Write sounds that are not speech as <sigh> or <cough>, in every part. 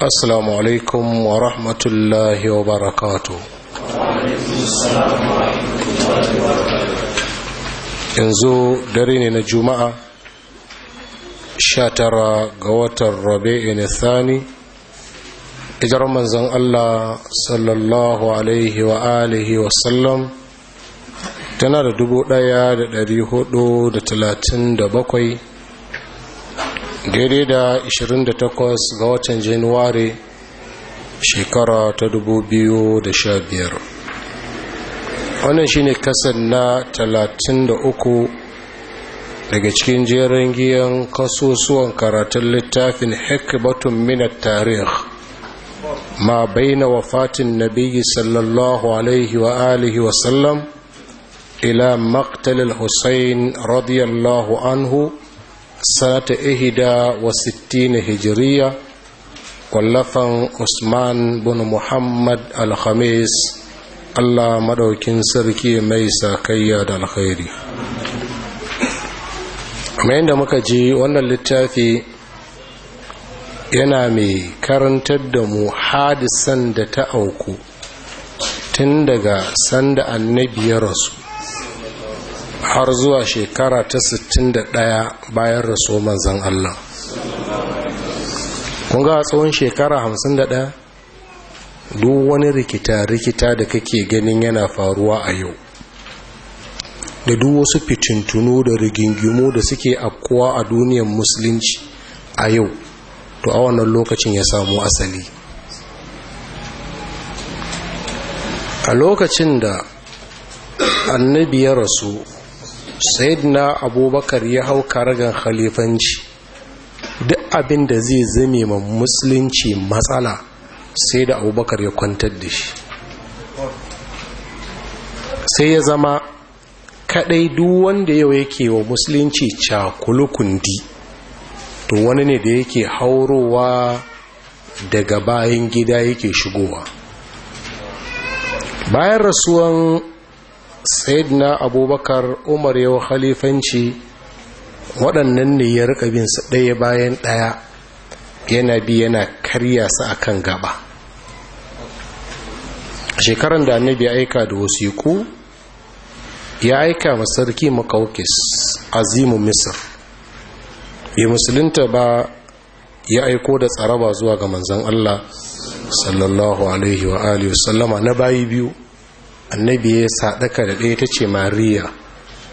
Assalamu alaikum wa rahmatullahi wa barakatu. Yanzu dare ne na Juma'a, sha tara ga watan Rabi'in Thani, ijar manzan Allah sallallahu alaihi wa alihi wa sallam tana da dubu ɗaya da ɗari hudu da talatin da bakwai daidai da 28 ga watan januwari shekara ta 2015 wannan shine kasar na 33 daga cikin jerin giyan kasusuwan karatun littafin hikbatun minat tarih ma baina wafatin nabiyyi sallallahu alaihi wa alihi wasallam ila maqtalil husayn radiyallahu anhu sanata ihida wa sittina hijiriya kwallafan usman bin muhammad alhamis allah maɗaukin sarki mai sakayya da alkhairi mai da muka ji wannan littafi yana mai karantar da mu hadisan da ta auku tun daga sanda annabi ya rasu har zuwa shekara ta 61 bayan raso manzan Allah kun ga tsawon shekara 51 duk wani rikita-rikita da kake ganin yana faruwa a yau da duk wasu fitintunu da rigingimu da suke afkuwa a duniyar musulunci a yau to a wannan lokacin ya samu asali a lokacin da annabi ya rasu na abubakar ya hau karagan khalifanci duk abin da zai zame ma musulunci matsala sai da abubakar ya kwantar da shi sai ya zama kadai duk wanda yau yake wa musulunci cakulukundi to wani ne da yake haurowa daga bayan gida yake shigowa bayan rasuwan sayyidina abubakar umar yau halifanci waɗannan ne ya rika bin su ɗaya bayan ɗaya yana bi yana karya su akan gaba shekaran da annabi ya aika da wasiku ya aika ma sarki makaukis azimu misir bai musulunta ba ya aiko da tsaraba zuwa ga manzan Allah sallallahu alaihi wa alihi wasallama na bayi biyu annabi ya sadaka da ɗaya ta ce mariya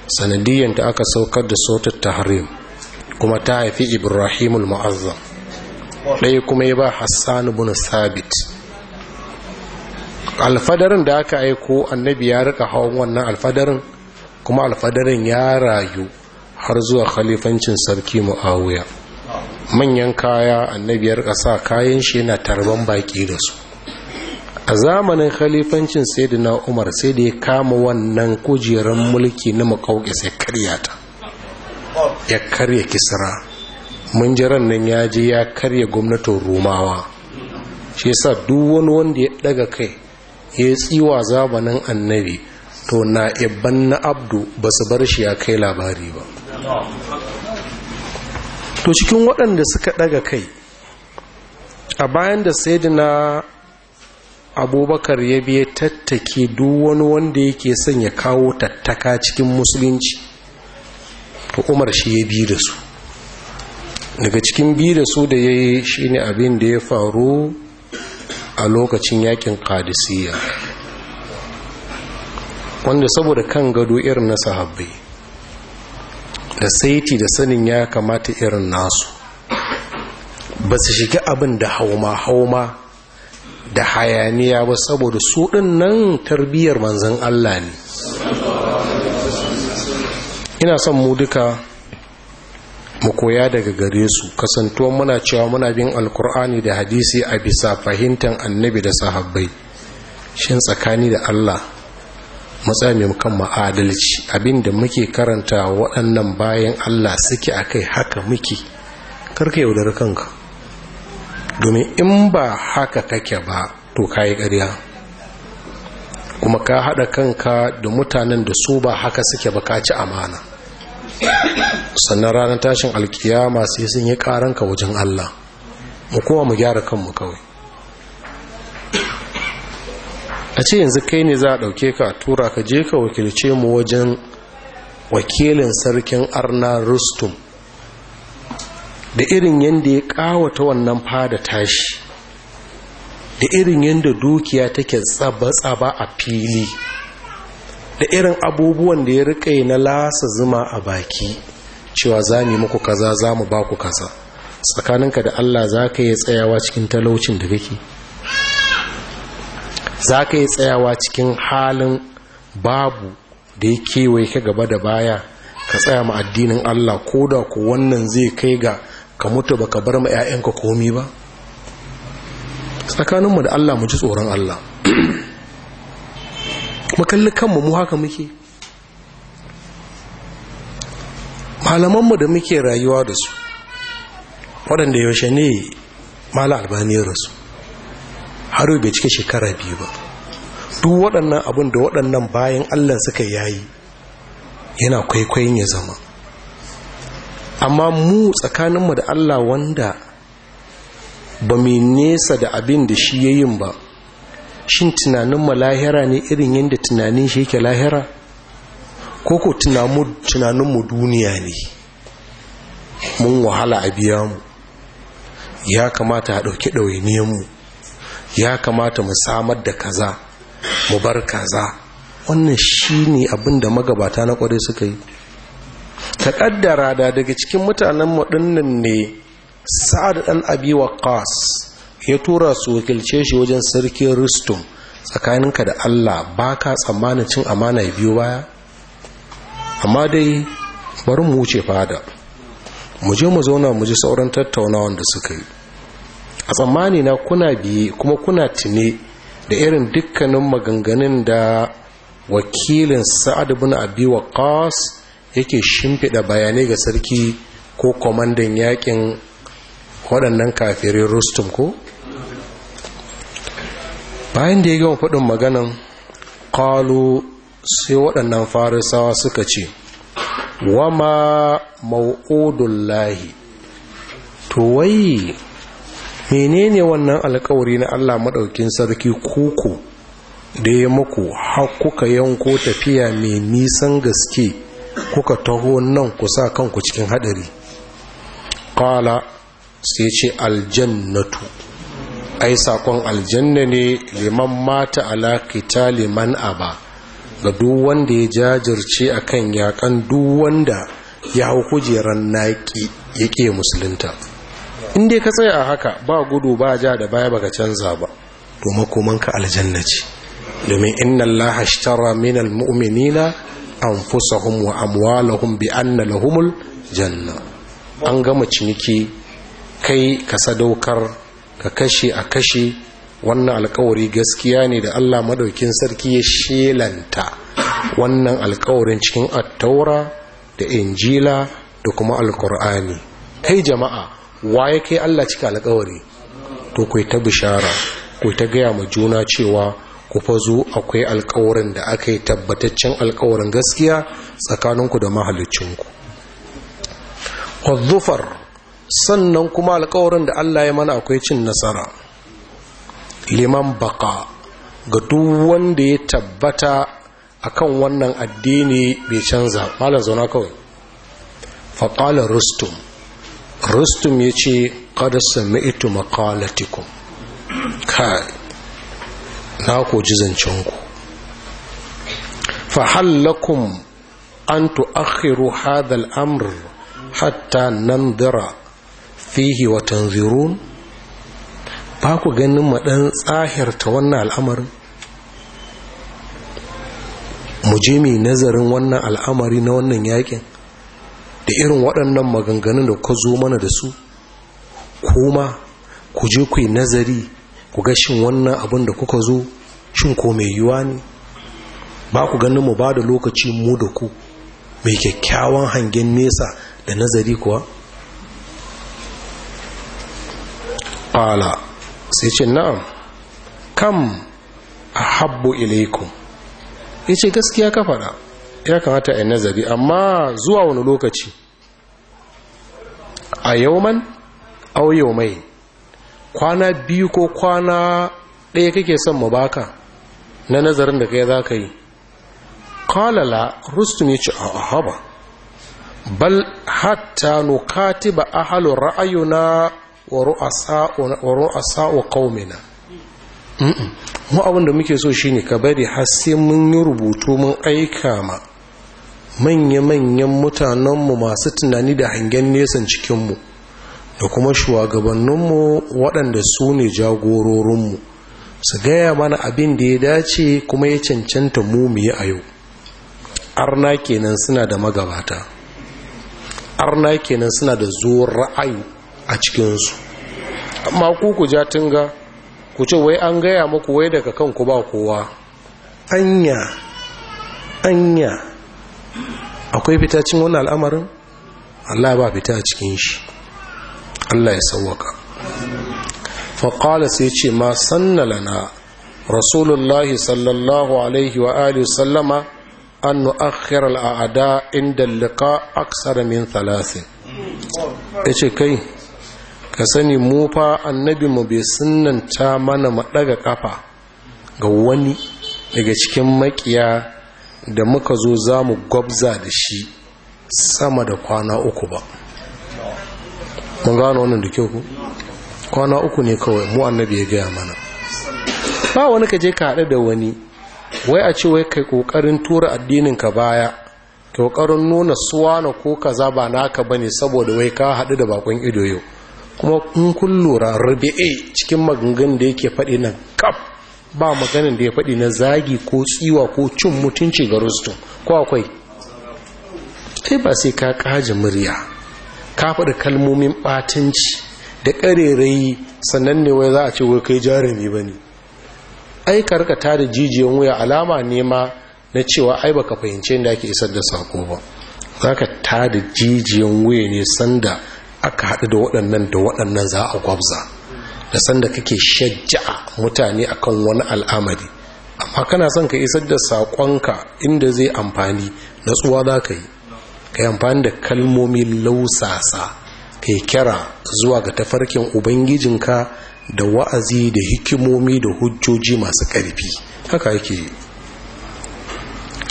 sanadiyyanta aka saukar da sautar tahrim kuma ta haifi ibrahimul ma'azzam ɗaya kuma ya ba hassan bin sabit alfadarin da aka aiko annabi ya rika hawan wannan alfadarin kuma alfadarin ya rayu har zuwa khalifancin sarki mu'awiya manyan kaya annabi ya rika sa kayan shi yana tarban baƙi da su a zamanin khalifancin saidina umar sai da ya kama wannan kujerar mulki na makauke sai karya ta ya karya kisra mun jiran nan ya je ya karya gwamnatin rumawa shi yasa duk wani wanda ya daga kai ya tsiwa zamanin annabi to na ibban na abdu ba su bar shi ya kai labari ba to cikin waɗanda suka daga kai a bayan da saidina. abubakar ya biya tattake duk wani wanda yake son ya kawo tattaka cikin musulunci to umar shi ya bi da su daga cikin bi da su da ya yi shi ne abin da ya faru a lokacin yakin kadisiya wanda saboda kan gado irin na sahabbai da saiti da sanin ya kamata irin nasu ba su shiga abin da hauma hauma da hayaniya ba saboda su ɗin nan tarbiyyar manzan Allah ne ina son mu duka mu koya daga gare su kasantuwan muna cewa muna bin alkur'ani da hadisi a bisa fahimtar annabi da sahabbai shin tsakani da Allah matsayin kan ma'adalci abinda muke karanta waɗannan bayan Allah suke akai haka muke karka yaudar kanka domin in ba haka kake ba to kayi ƙarya kuma ka haɗa kanka da mutanen da su ba haka suke ba ka amana sannan ranar tashin alkiyama sai sun yi ƙaranka wajen Allah mu kuma mu gyara kanmu kawai a ce yanzu kai ne za a ɗauke ka tura ka je ka wakilce mu wajen wakilin sarkin arna rustum da irin yadda ya kawata wannan fada tashi da irin yadda dukiya take tsaba-tsaba a fili da irin abubuwan da ya rika na lasa zuma a baki cewa za mu muku kaza za mu ba ku kaza tsakaninka da Allah za ka yi tsayawa cikin talaucin da kake za ka yi tsayawa cikin halin babu da ya kewaye ka gaba da baya ka tsaya ma addinin Allah ko da ku wannan zai kai ga ka mutu baka bar ma 'ya'yanka komi ba tsakaninmu da Allah mu ji tsoron Allah makalli kanmu mu haka muke malamanmu da muke rayuwa da su waɗanda yaushe ne mala albaniyar su har bai cike shekara biyu ba duk waɗannan abin da waɗannan bayan Allah suka yayi yana kwaikwayin ya zama amma mu tsakaninmu da Allah wanda ba mai nesa da abin da shi ya yin ba shin tunaninmu lahira ne irin yadda tunanin shi yake lahira ko ko tunaninmu duniya ne mun wahala a biya mu ya kamata a ɗauki ɗawainiyanmu ya kamata mu samar da kaza mu bar kaza wannan shi ne abin da magabata na ƙwarai suka yi ka kaddara da daga cikin mutanen maɗinnan ne sa'ad ɗan abi waqas ya tura su wakilce shi wajen sarkin rustum tsakaninka da allah ba ka tsammanin cin amana ya biyo baya amma dai bari mu wuce fada mu je mu zauna mu ji sauran tattauna da suka yi a tsammani na kuna biye kuma kuna tune da irin dukkanin maganganun da wakilin sa'ad bin abi waqas yake shimfiɗa bayanai ga sarki ko kwamandan yakin waɗannan kafirin rustum ko bayan da ya gama faɗin maganan ƙalu sai waɗannan farisawa suka ce wama lahi to wai menene wannan alkawari na allah maɗaukin sarki kuku da ya muku hakuka yanko tafiya mai nisan gaske kuka taho nan ku sa kanku cikin hadari kala sai ce aljannatu ai sakon aljanna ne liman mata ala qitali man aba ga duk wanda ya jajirce akan yakan duk wanda ya hau kujerar naki yake musulunta in dai ka tsaya haka ba gudu ba ja da baya baka canza ba to makomanka aljanna ce domin inna allaha ashtara minal mu'minina anfusahum wa amwalahum bi anna lahumul janna an gama ciniki kai ka sadaukar ka kashe a kashe wannan alkawari gaskiya ne da Allah madaukin sarki ya shelanta wannan alkawarin cikin attaura da injila da kuma alkur'ani kai jama'a waye kai Allah cika alkawari to kai ta bishara kai ta gaya ma juna cewa ku fa akwai alkawarin da aka yi tabbataccen alkawarin gaskiya tsakaninku da mahalicinku zufar sannan kuma alkawarin da Allah ya mana akwai cin nasara liman baka ga duk wanda ya tabbata akan wannan addini bai canza malar zauna kawai faƙala rustum rustum ya ce sami ito maƙalatikum kai na koji zancenku fahallakum an tu'akhiru hadha al-amr hatta nandira fihi wa tanzirun ba ku ganin mu dan tsahirta wannan al'amarin mu je mu nazarin wannan al'amari na wannan yakin da irin waɗannan maganganun da ku zo mana da su kuma ku je ku yi nazari ku ga shin wannan abin da kuka zo shin ko mai yiwa ne ba ku ganin mu ba da lokaci mu da ku mai kyakkyawan hangen nesa da nazari kuwa ƙala sai ce na'am kam a habbo ilaikun. ya ce gaskiya ka faɗa ya kamata a nazari amma zuwa wani lokaci a yau man au mai. kwana biyu ko kwana ɗaya kake son mu baka na nazarin da kai za ka yi kalala rustum ya ce a haba bal hatta nukati ba a halu ra'ayuna wa sa'o qaumina mu abinda muke so shine ka bari har sai mun yi rubutu mun aika ma manya-manyan mutanenmu masu tunani da hangen nesan cikinmu da kuma shugabanninmu waɗanda su ne jagororinmu su gaya mana abin da ya dace kuma ya cancanta mu muyi yi a yau arna kenan suna da magabata arna kenan suna da zuwar ra'ayi a cikinsu amma ku ku ja tunga ku ce wai an gaya muku wai daga kanku ba kowa anya anya akwai fitacin wani al'amarin allah ba fita cikin shi Allah ya sauwaka faƙala sai ce ma sannalana rasulullahi sallallahu alaihi wa alihi sallama an nu'akhkhir al'ada inda a aksara min ya yace kai ka sani mu fa annabi mu bai sunnanta mana mu ƙafa ga wani daga cikin maƙiya da muka zo za mu gwabza da shi sama da kwana uku ba mun gano wannan da kyau ku kwana uku ne kawai mu annabi ya gaya mana ba wani ka je ka haɗu da wani wai a ce wai kai ƙoƙarin tura addinin ka baya ƙoƙarin nuna suwana ko kaza ba naka bane saboda wai ka haɗu da bakon ido yau kuma in kun lura rubi'e cikin maganganun da yake faɗi nan kaf ba maganin da ya faɗi na zagi ko tsiwa ko cin mutunci ga rusto ko akwai sai ba sai ka kaji murya ka faɗi kalmomin ɓatanci da ƙarerayi sannan ne wai za a ce wai kai jarumi ba ne ai ka da jijiyan wuya alama ne ma na cewa ai baka fahimce da ake isar da sako ba za ka ta da jijiyan wuya ne sanda aka haɗu da waɗannan da waɗannan za a gwabza da sanda kake shajja'a mutane akan wani al'amari amma kana son ka isar da sakonka inda zai amfani natsuwa za ka yi ka yi amfani da kalmomi lausasa ka yi kira zuwa ga tafarkin ubangijinka da wa'azi da hikimomi da hujjoji masu ƙarfi haka yake yi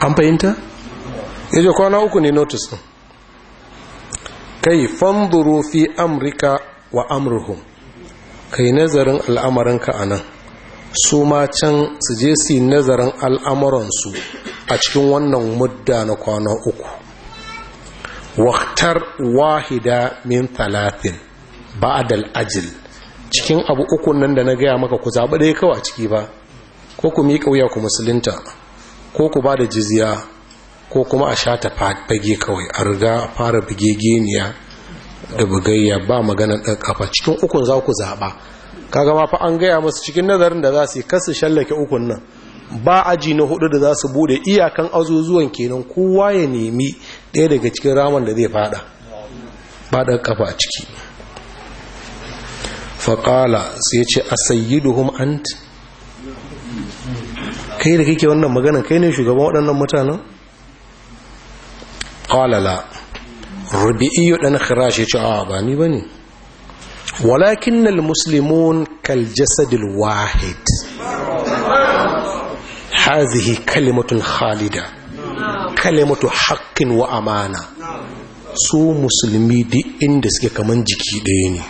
an fahimta? ya kwana uku ne notice ɗin kai fanzuro fi amurka wa amurhum kai nazarin al'amuranka a nan su ma can su je su yi nazarin al'amuransu a cikin wannan mudda na kwana uku waktar wahida min talatin ba'adal ajil cikin abu uku nan da na gaya maka ku zaɓi ɗaya kawai ciki ba ko ku miƙa wuya ku musulunta ko ku ba da jizya ko kuma a shata fage kawai a riga fara geniya da bugayya ba maganar ɗan kafa cikin ukun za ku zaɓa Ka ma fa an gaya masu cikin nazarin da za su yi kasu shallake ukun nan ba aji na hudu da za su bude iyakan azuzuwan kenan kowa ya nemi ɗaya daga cikin ramin da zai fada fada kafa a ciki faƙala sai ce a sayyiduhum ant kai da kake wannan maganan kai ne shugaban waɗannan mutanen ƙalala rubi'iyu ɗan khirash ya ce a ba ni ba ne walakin muslimun kal jasadil wahid hazihi kalimatun khalida kalimatu haƙƙin wa amana su musulmi duk inda suke kaman jiki ɗaya ne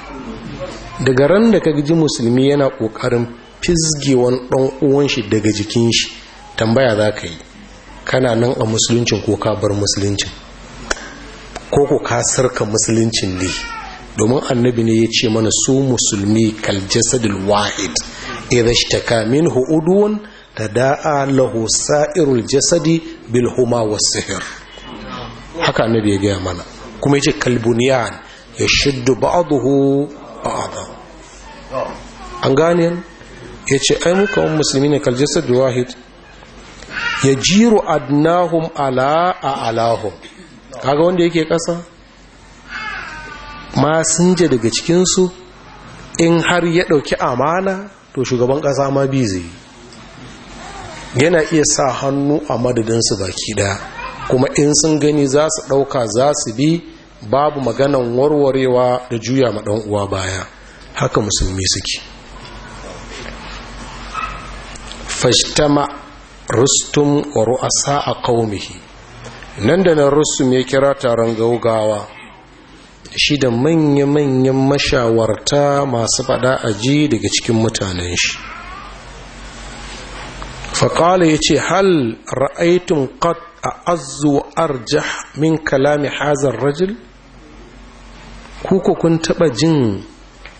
daga ran da ka ji musulmi yana ƙoƙarin fizgewan ɗan uwan shi daga jikin shi tambaya za ka yi kana nan a musuluncin ko ka bar musuluncin ko ko ka sarka musuluncin ne domin annabi ne ya ce mana su musulmi kal wahid shi ishtaka minhu udwan tada'a lahu sa'irul jasadi bil huma was sihr haka annabi ya gaya mana kuma yace kalbuniyan yashuddu ba'dahu ba'da an gane yace ai muka um muslimina kal jasad wahid yajiru adnahum ala a alahum kaga wanda yake kasa ma sun je daga cikinsu in har ya ɗauki amana to shugaban ƙasa ma bi zai yana iya sa hannu a madadinsu baki daya kuma in sun gani za su ɗauka za su bi babu maganan warwarewa da juya ma ɗan uwa baya haka musulmi suke fashtama rustum wa ru'asa a qaumihi nan da nan rustum ya kira taron gaugawa shi da manya-manyan mashawarta masu fada aji daga cikin mutanen shi faƙala ya ce hal ra'aitun أعز a من كلام min kalami كوكو كنت بجن ko kun taɓa jin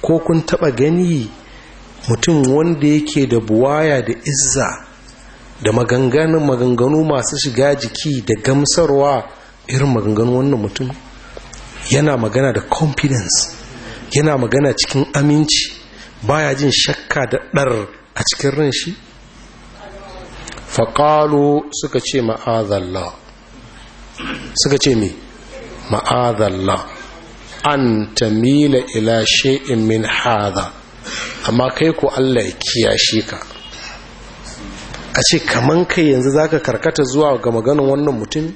ko kun taɓa gani mutum wanda yake da buwaya da izza da maganganun maganganu masu shiga jiki da gamsarwa irin maganganu wannan mutum yana magana da confidence yana magana cikin aminci baya jin shakka da ɗar a cikin ran shi faƙalu suka ce ma'azalla suka ce mi ma'azalla an mila ila she'in min haza amma kai ku Allah ya kiyashe ka a ce kaman kai yanzu zaka karkata zuwa ga maganin wannan mutum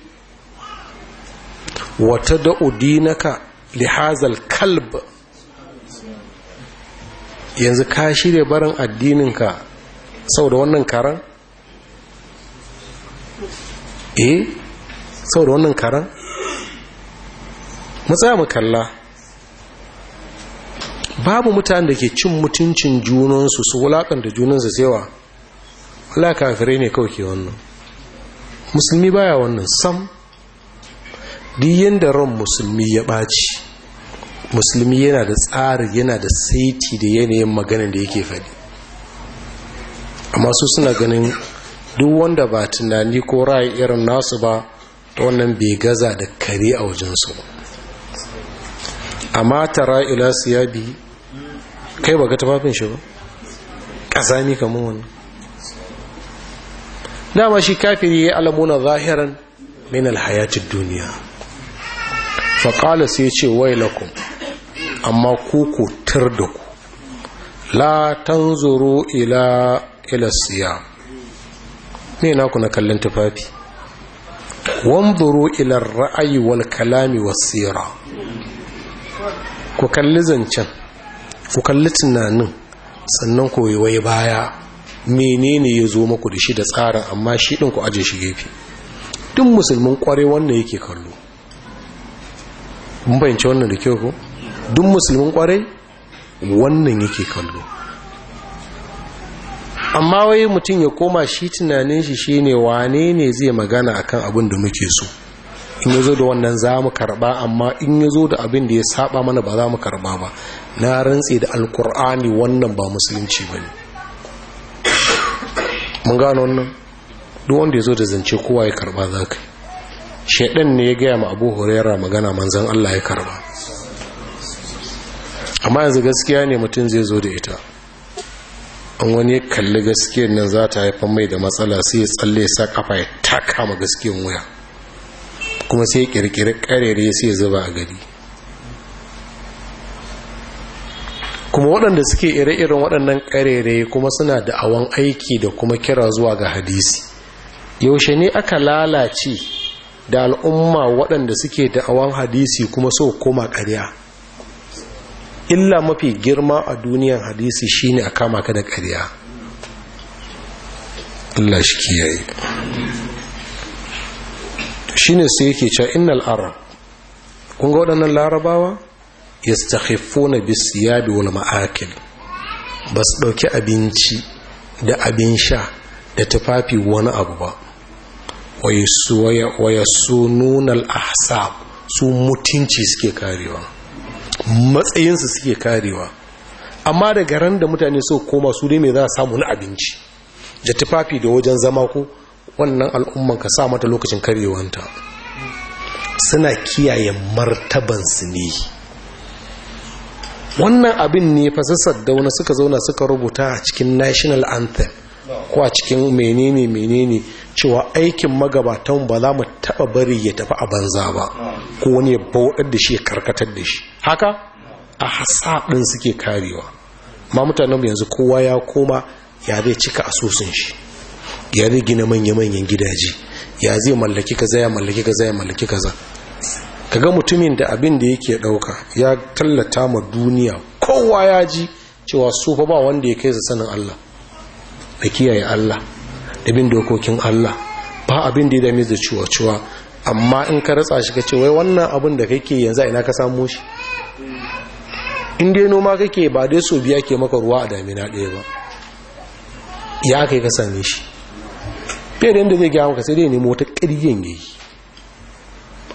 wata da'udinaka lihazal kalb yanzu ka shirya barin addininka sau da wannan karan eh saboda wannan karan matsaya mu kalla babu mutane da ke cin mutuncin junansu su da junansu sewa Allah kafirai ne kawai ke wannan musulmi baya wannan sam diyan da ran musulmi ya ɓaci musulmi yana da tsari yana da saiti da yanayin maganin da yake faɗi amma su suna ganin duk wanda ba tunani ko ra'ayi irin nasu ba wannan bai gaza da kare a wajensu amma tara ila siyabi kai ba tafafin shi ba ƙazami kamar wani dama shi kafiri ya alamuna zahiran min alhayatid duniya faƙala sai ce wai lakum amma ku tir da ku la tanzuru ila ila siyam ne na ku na kallon tufafi wanzuru ilar ra'ayi wal kalami wasira tsira. ku kalli zancen ku kalli tunanin sannan ku waiwai baya menene ya zo maku da shi da tsarin amma shi ɗin ku aje shi gefe duk musulmin kware wannan yake kallo mun wannan da kyau ko duk musulmin kware wannan yake kallo amma wai mutum ya koma shi tunanin shi shine wane ne zai magana akan abin da muke so in zo da wannan za mu karba amma in zo da abin da ya saba mana ba za mu karba ba na rantse da alkur'ani wannan ba musulunci ba ne. mun gano wannan duk wanda ya zo da zance kowa ya karba ka shedan ne ya gaya ma Abu horera magana manzan Allah ya karba amma yanzu gaskiya ne mutum zai zo da ita an wani ya kalli gaskiyar nan za ta haifar mai da matsala sai ya tsalle sa kafa ya taka ma gaskiyar wuya kuma sai ya kirkiri karere sai ya zuba a gari kuma waɗanda suke ire-iren waɗannan karere kuma suna da awon aiki da kuma kira zuwa ga hadisi yaushe ne aka lalace da al'umma waɗanda suke da awon hadisi kuma so koma ƙarya illa mafi girma a duniyan hadisi shine a kama ka da ƙarya illa shi kiyaye shine sai yake cewa innal arab kun ga waɗannan larabawa ya na yastakhifuna bi wani ma'akil ba su ɗauki abinci da abin sha da tufafi wani abu ba waya nuna ahsab su mutunci suke karewa matsayinsu suke karewa amma daga ran da mutane so koma su dai mai za a samu na abinci da tufafi da wajen zama ko wannan al'umman ka sa mata lokacin karyewanta suna kiyaye martabansu ne wannan abin ne fasassar dauna suka zauna suka rubuta a cikin national anthem ko a cikin menene menene cewa aikin magabatan ba za mu taba bari ya tafi a banza ba ko wani ya bauɗar da shi ya karkatar da shi haka a hasa ɗin suke karewa ma mutanen yanzu kowa ya koma ya zai cika asusun shi ya zai gina manya-manyan gidaje ya zai mallaki kaza ya mallaki kaza ya mallaki kaza kaga mutumin da abin da yake ɗauka ya tallata ma duniya kowa ya ji cewa sufa ba wanda ya kai sa sanin Allah da kiyaye Allah da bin dokokin Allah ba abin da ya damis da ciwa-ciwa amma in ka ratsa shi kace wai wannan abin da kake yanzu ina ka samu shi in dai noma kake ba dai so biya ke maka ruwa a damina daya ba ya kai ka same shi fiye da yadda zai gaya maka sai dai nemo wata ƙirgin ya yi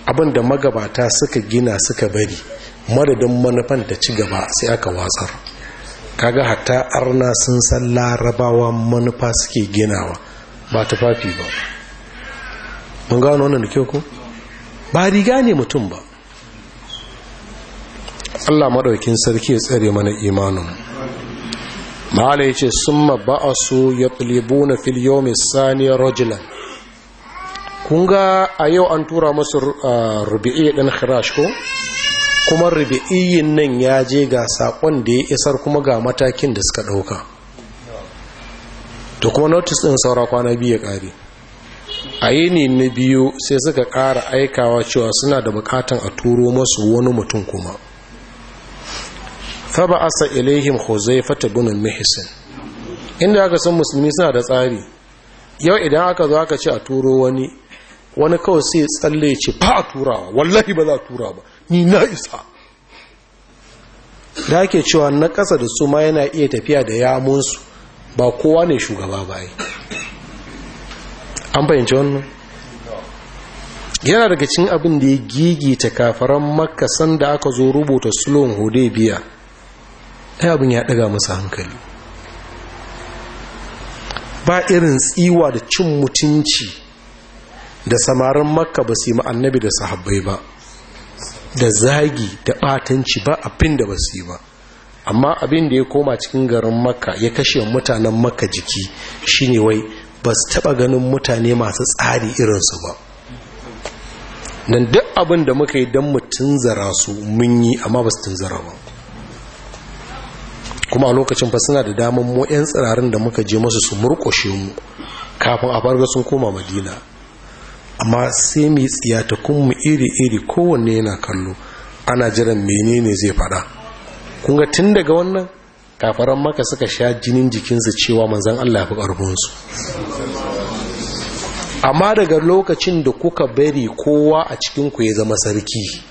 abin da magabata suka gina suka bari madadin manufan ta ci gaba sai aka watsar kaga hatta arna sun san larabawa manufa suke ginawa ba tufafi ba mun gano wannan da kyau ko ba riga ne mutum ba Allah maɗaukin sarki ya tsare mana imanin mahala ya ce sun ba'asu ya tulibu na filiyo mai saniyar rajulan kun ga a yau an tura masu ah, rubi'i ɗan khirash ko kuma rubi'iyin nan ya je ga sakon da ya isar kuma ga matakin da suka dauka to kuma notice din saura kwana biyu ya kare a yini na biyu sai suka kara aikawa cewa suna da bukatan a turo masu wani mutum kuma fa asa ilaihim huzaifata bin mihsin inda aka san musulmi suna da tsari yau idan aka zo aka ce a turo wani wani kawai sai tsalle ce ba a turawa wallahi ba za a tura ba ni na isa da ake cewa na ƙasa da su ma yana iya tafiya da yamunsu ba kowa ne shugaba ba an fahimci wannan yana daga cin abin da ya gigita kafaran makasan da aka zo rubuta sulon biya. ɗaya abin ya ɗaga masa hankali ba irin tsiwa da cin mutunci da samarin makka ba su yi ma'annabi da sahabbai ba da zagi da batanci ba abin da basu yi ba amma abin da ya koma cikin garin maka ya kashe mutanen maka jiki shine wai ba su taba ganin mutane masu tsari irinsu ba nan duk abin da muka yi don mu tunzara su mun yi amma ba su tunzara ba kuma a lokacin fa suna da damar mu 'yan tsirarin da muka je masu su murƙushe mu kafin a farga sun koma madina amma sai mai tsiya ta kuma iri-iri kowanne yana kallo ana jiran menene zai fada kun ga tun daga wannan kafaran maka suka sha jinin jikinsu cewa manzan Allah ya fi ƙarfinsu amma daga lokacin da kuka bari kowa a cikinku ya zama sarki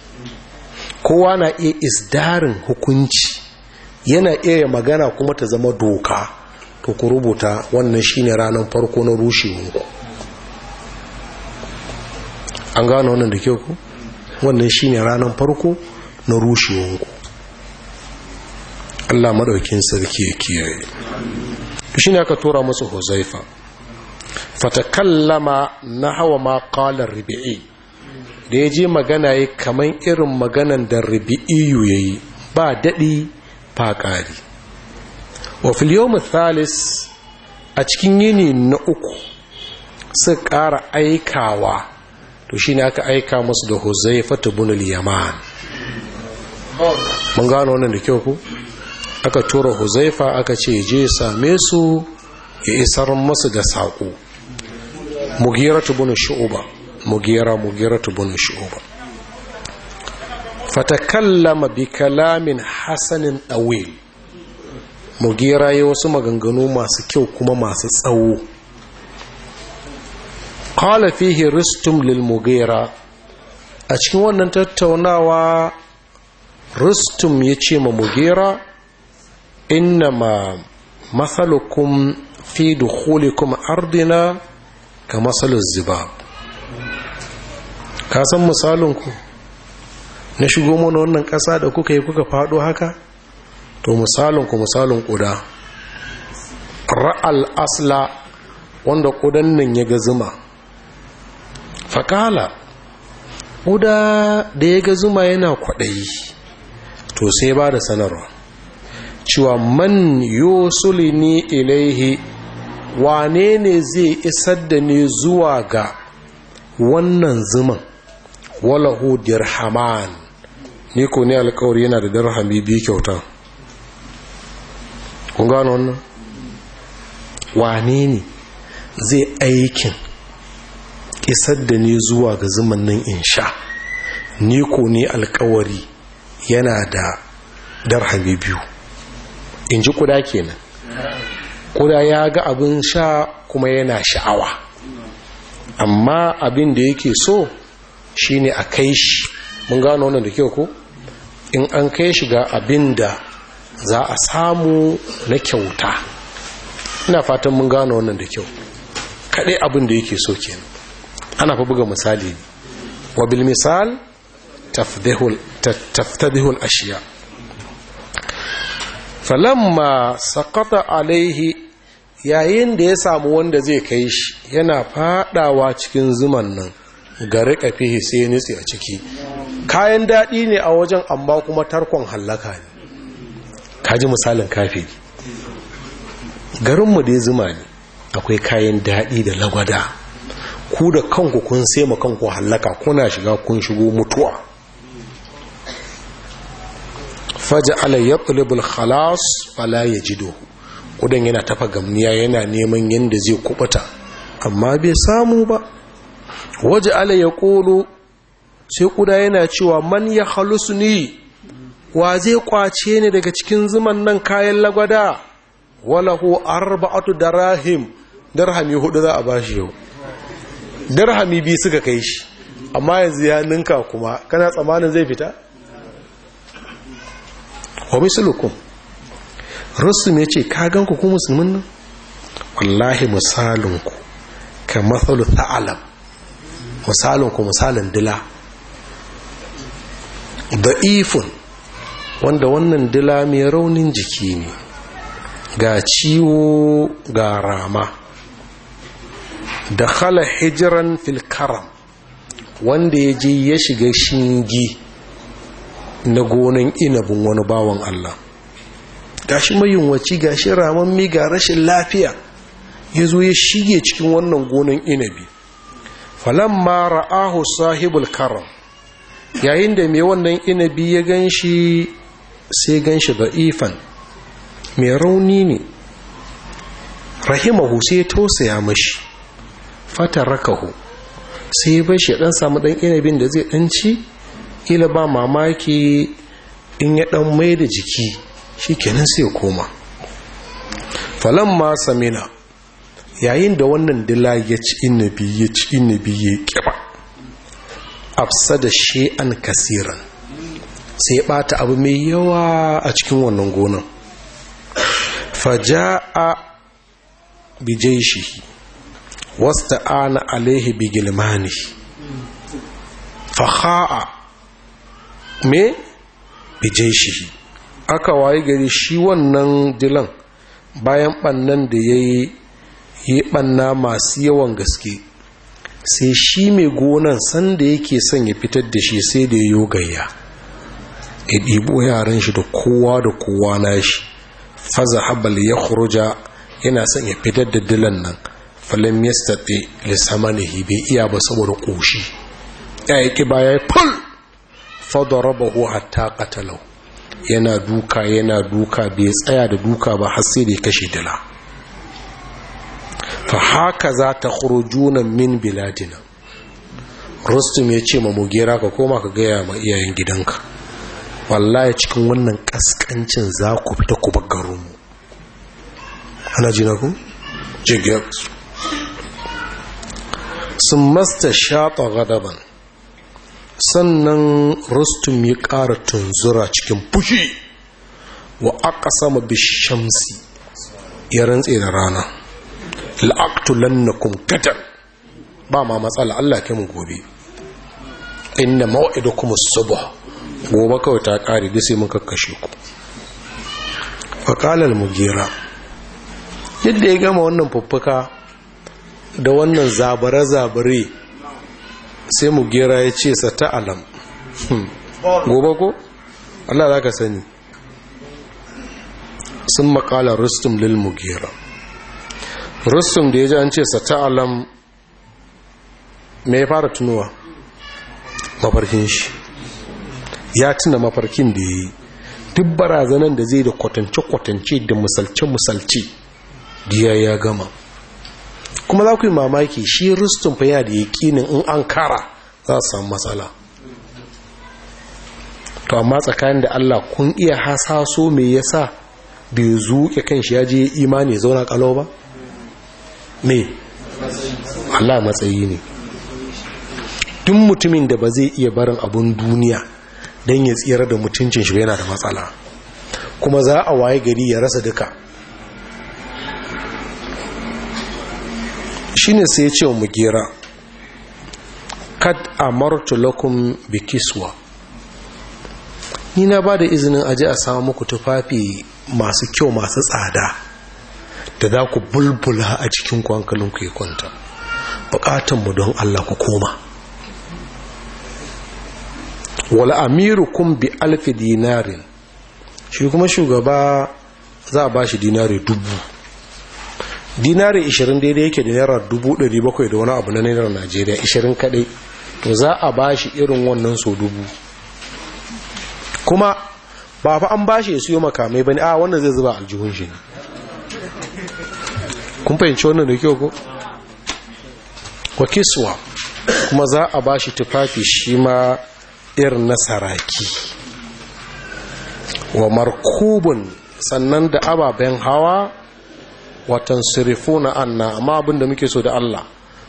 kowa na iya isdarin hukunci yana iya magana kuma ta zama doka to ku rubuta wannan shine ranar farko na rushewanku an gano wannan da kyau ku wannan ne ranar farko na rushewanku Allah maɗaukin sarki ya kiyaye shine aka tura masa Huzaifa fatakallama hawa ma kalar ribi'i da ya je magana ya kamar irin maganan da ribi'iyu yayi ba daɗi ba ƙari wa fil thalis a cikin yini na uku su ƙara aikawa to shi ne aka aika masu da huzaifa bunul yaman mun gano wannan da kyau ku aka tura huzaifa aka ce je same su ya isar masu da saƙo mugira tubunin shu'uba mugira mugira tubunin shu'uba fatakallama bi kalamin hasanin ɗawil mugira yi wasu maganganu masu kyau kuma masu tsawo qala fihi rustum lil mugira a cikin wannan tattaunawa rustum ya ce ma mughira innama masalukum fi dukhulikum ardina ka masalul ziba ka san misalinku na shigo mana wannan ƙasa da kuka yi kuka faɗo haka to misalinku misalin ƙuda ra'al asla wanda ƙudan nan ya ga zuma faƙala ƙuda da ya ga zuma yana kwaɗayi to sai ba da sanarwa cewa man yosuli ni ilaihi wane ne zai isar da ni zuwa ga wannan zuman walahu dirhaman ni ko ne alkawari yana da dirhami biyu kyauta kun gano wannan wane ne zai aikin kisar da ni zuwa ga zumannin in sha ni ko ni alkawari yana da darhami biyu in ji kuda kenan kuda ya ga abin sha kuma yana sha'awa amma abin da yake so shine a kai shi mun gano wannan da kyau ko in an kai shi ga abin da za a samu na kyauta ina fatan mun gano wannan da kyau kaɗai abin da yake so kenan ana fa buga misali wa bil misal taftadihul ashiya falamma saqata alaihi yayin da ya samu wanda zai kai shi yana fadawa cikin zuman nan gari kafihi sai ya nutse a ciki kayan dadi ne a wajen amma kuma tarkon hallaka ne kaji misalin kafi garinmu da ya zuma ne akwai kayan dadi da lagwada ku da kanku kun sai ma kanku hallaka kuna shiga kun shigo mutuwa faja ala yatlubul khalas fala yajidu kudan yana tafa gamniya yana neman yanda zai kubuta amma bai samu ba ala yaqulu sai kuda yana cewa man ya khalusni wa zai kwace ni daga cikin zuman nan kayan lagwada walahu arba'atu darahim darhami hudu za a bashi yau darhami biyu suka kai shi amma yanzu ya ninka kuma kana tsamanin zai fita wa mislukum rusum yace ka gan ku ku musulmin nan wallahi misalinku ka matsalu ta'alam Misalinku, misalin dila da'ifun wanda wannan dila mai raunin jiki ne ga ciwo ga rama da khala hijiran filkaram wanda ya je ya shiga shingi na gonan inabin wani bawan Allah gashi mayunwaci gashi ramammi ga rashin lafiya ya zo ya shige cikin wannan gonan inabi falamma ra'ahu sahibul karam yayin da mai wannan inabi ya ganshi sai ganshi da ifan mai rauni ne rahimahu sai tausaya mashi fatarakahu sai bai shi dan samu dan inabin da zai dan ci ila ba mamaki in ya dan mai da jiki kenan sai koma falamma samina yayin da wannan dila ya ci inabi ya ci inabi ya kiba afsada shay'an kasiran sai ya bata abu mai yawa a cikin wannan gonan faja'a bijaishi wasta'ana alaihi bi gilmani faha'a me bi shi aka waye gari shi wannan dilan bayan bannan da ya yi banna masu yawan gaske sai shi mai gonan sanda yake son ya fitar da shi sai da ya gayya ya ɗibo yaran shi da kowa da kowa na shi faza habal ya kuruja yana son ya fitar da dilan nan falin yastafi lissamanihi bai iya ba saboda ƙoshi ya yi ƙiba ya yi ful fadarabahu ta qatalahu yana duka yana duka bai tsaya da duka ba har sai da kashe dila fa haka za ta juna min biladina rustum ya ce ma mugera ka koma ka gaya ma iyayen gidanka wallahi cikin wannan kaskancin za ku fita ku bar garinmu ana jina jigiyar sun masta shafa gadaban sannan rustum ya ƙara tunzura cikin fushi wa aka sama bishamsi ya rantse da rana la'aktulan na kumkatar ba ma matsala Allah ke mu gobe inda mawa'idu kuma suba gobe kawai ta ƙari da sai mun kashe ku mu mugera yadda ya gama wannan fuffuka da wannan zabare-zabare sai mu gera ya ce sa ta alam hmm. gobe ko Allah za ka sani sun makala rustum lil mugera rustum da ya ji an ce sa ta alam mai fara tunuwa mafarkin shi ya tuna mafarkin da ya yi duk barazanan da zai da kwatance-kwatance da musalce-musalce da ya gama kuma za ku yi mamaki shi rustum fa yana da yaƙinin in an kara za su samu matsala to amma tsakanin da Allah kun iya hasaso me yasa da ya zuke kan shi ya je imani zauna kalau ba me Allah matsayi ne duk mutumin da ba zai iya barin abun duniya don ya tsira da mutuncin shi yana da matsala kuma za a waye gari ya rasa duka shine sai ya ce wa mugera kad amartu lakum bi kiswa ni na ba da izinin aje a samu muku tufafi masu kyau masu tsada da za ku bulbula a cikin kwankalin ku ya kwanta bukatanmu don Allah ku koma wala amirukum bi alfi dinarin shi kuma shugaba za a ba shi dinari dubu dinari 20 daidai yake da naira 700 da wani abu na naira najeriya 20 kadai to za a bashi irin wannan so dubu kuma ba fa an ba shi ya siyo makamai bane a wannan zai zuba aljihun shi ne kun fahimci wannan da kyau ko wa kuma za a bashi tufafi shi ma irin na saraki wa markubun sannan da ababen hawa watan sirifuna anna amma abin da muke so da Allah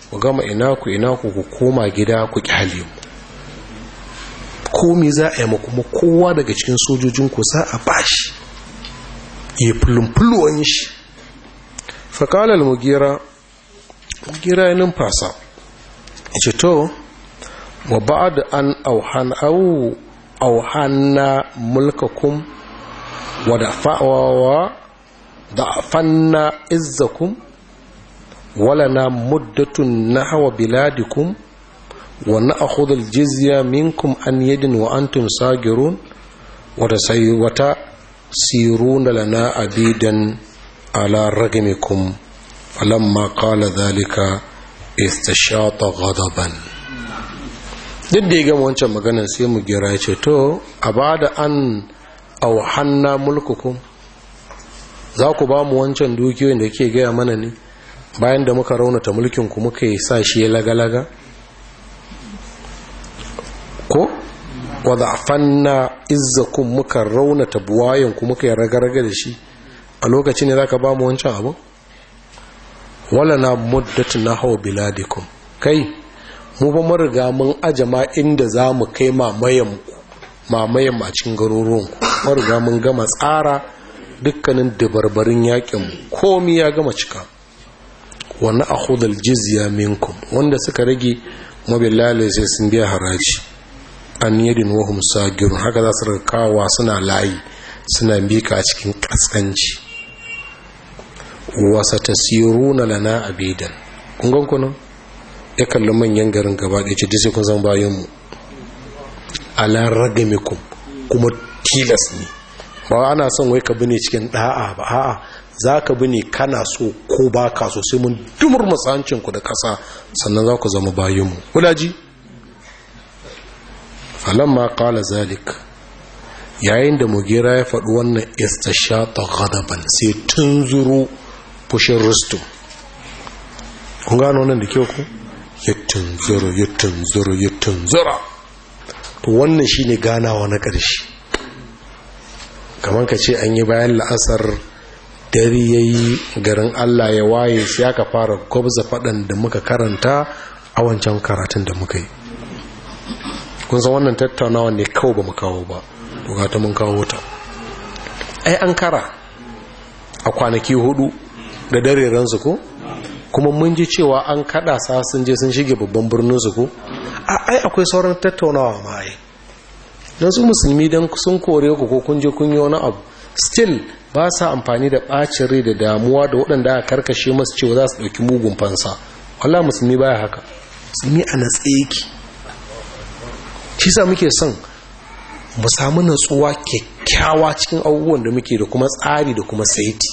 ku gama ina ku ina ku ku koma gida ku hali mu komi za a yi mu kowa daga cikin sojojin ku sa a bashi ya fulun shi fakalar mugira mugira ya numfasa ce to wa ba'ad an auhan au auhanna mulkakum wa da fa'awawa da'fanna izzakum walana muddatun nahwa biladikum wa na'khudhu al-jizya minkum an yadin wa antum sagirun wa tasayyata siruna lana abidan ala ragmikum falamma qala dhalika istashata ghadaban duk da ya gama wancan maganar sai mu gira ya to a ba da an auhanna mulkukun za ku ba mu wancan dukiyoyin da ke gaya mana ne bayan da muka raunata mulkinku muka yi sa shi ya lagalaga ko wadda fanna izakun muka raunata buwayenku muka yi ragaraga da shi a lokacin ne za ka ba mu wancan abu wala na muddatu na hau biladikun kai mu ba mun riga mun ajama inda za mu kai mamayen a cikin garuruwanku mu riga mun gama tsara dukkanin dabarbarin yakin komi ya gama cika wani a hudar jizya minkum wanda suka rage mabilale sai sun biya haraji an yi yadin wahum sagirun haka za su kawa suna layi suna mika cikin kaskanci wasa ta na lana abidan kungon kunan ya kalli manyan garin gaba ɗaya ce sai kun bayan mu ala ragamikum kuma tilas ne ba ana son wai ka bine cikin da'a ba a'a za ka bune kana so ko ba ka so sai mun dumur ku da kasa sannan za ku zama bayinmu kudaji falamma kala zalik yayin da mugera ya faɗi wannan istashata ghadaban sai zuru fushin rustu kun gano nan da kyau ku ya zuru ya zuru ya tunzura to wannan ne ganawa na ƙarshe kamar ka ce an yi bayan la'asar dare ya yi garin allah ya waye ya aka fara gwabza faɗan da muka karanta a wancan karatun da muka yi kun san wannan tattaunawa ne kawo ba mu kawo ba bukata mun kawo ta ai an kara a kwanaki hudu da dare ransu ko kuma mun ji cewa an kada sa sun je sun shige babban birnin su ko ai akwai sauran tattaunawa ma ai don su musulmi don sun kore ku ko kun je kun yi wani abu still ba sa amfani da ɓacin rai da damuwa da waɗanda aka karkashe masu cewa za su ɗauki mugun fansa wala musulmi baya haka musulmi a natse yake shi sa muke son mu samu natsuwa kyakkyawa cikin abubuwan da muke da kuma tsari da kuma saiti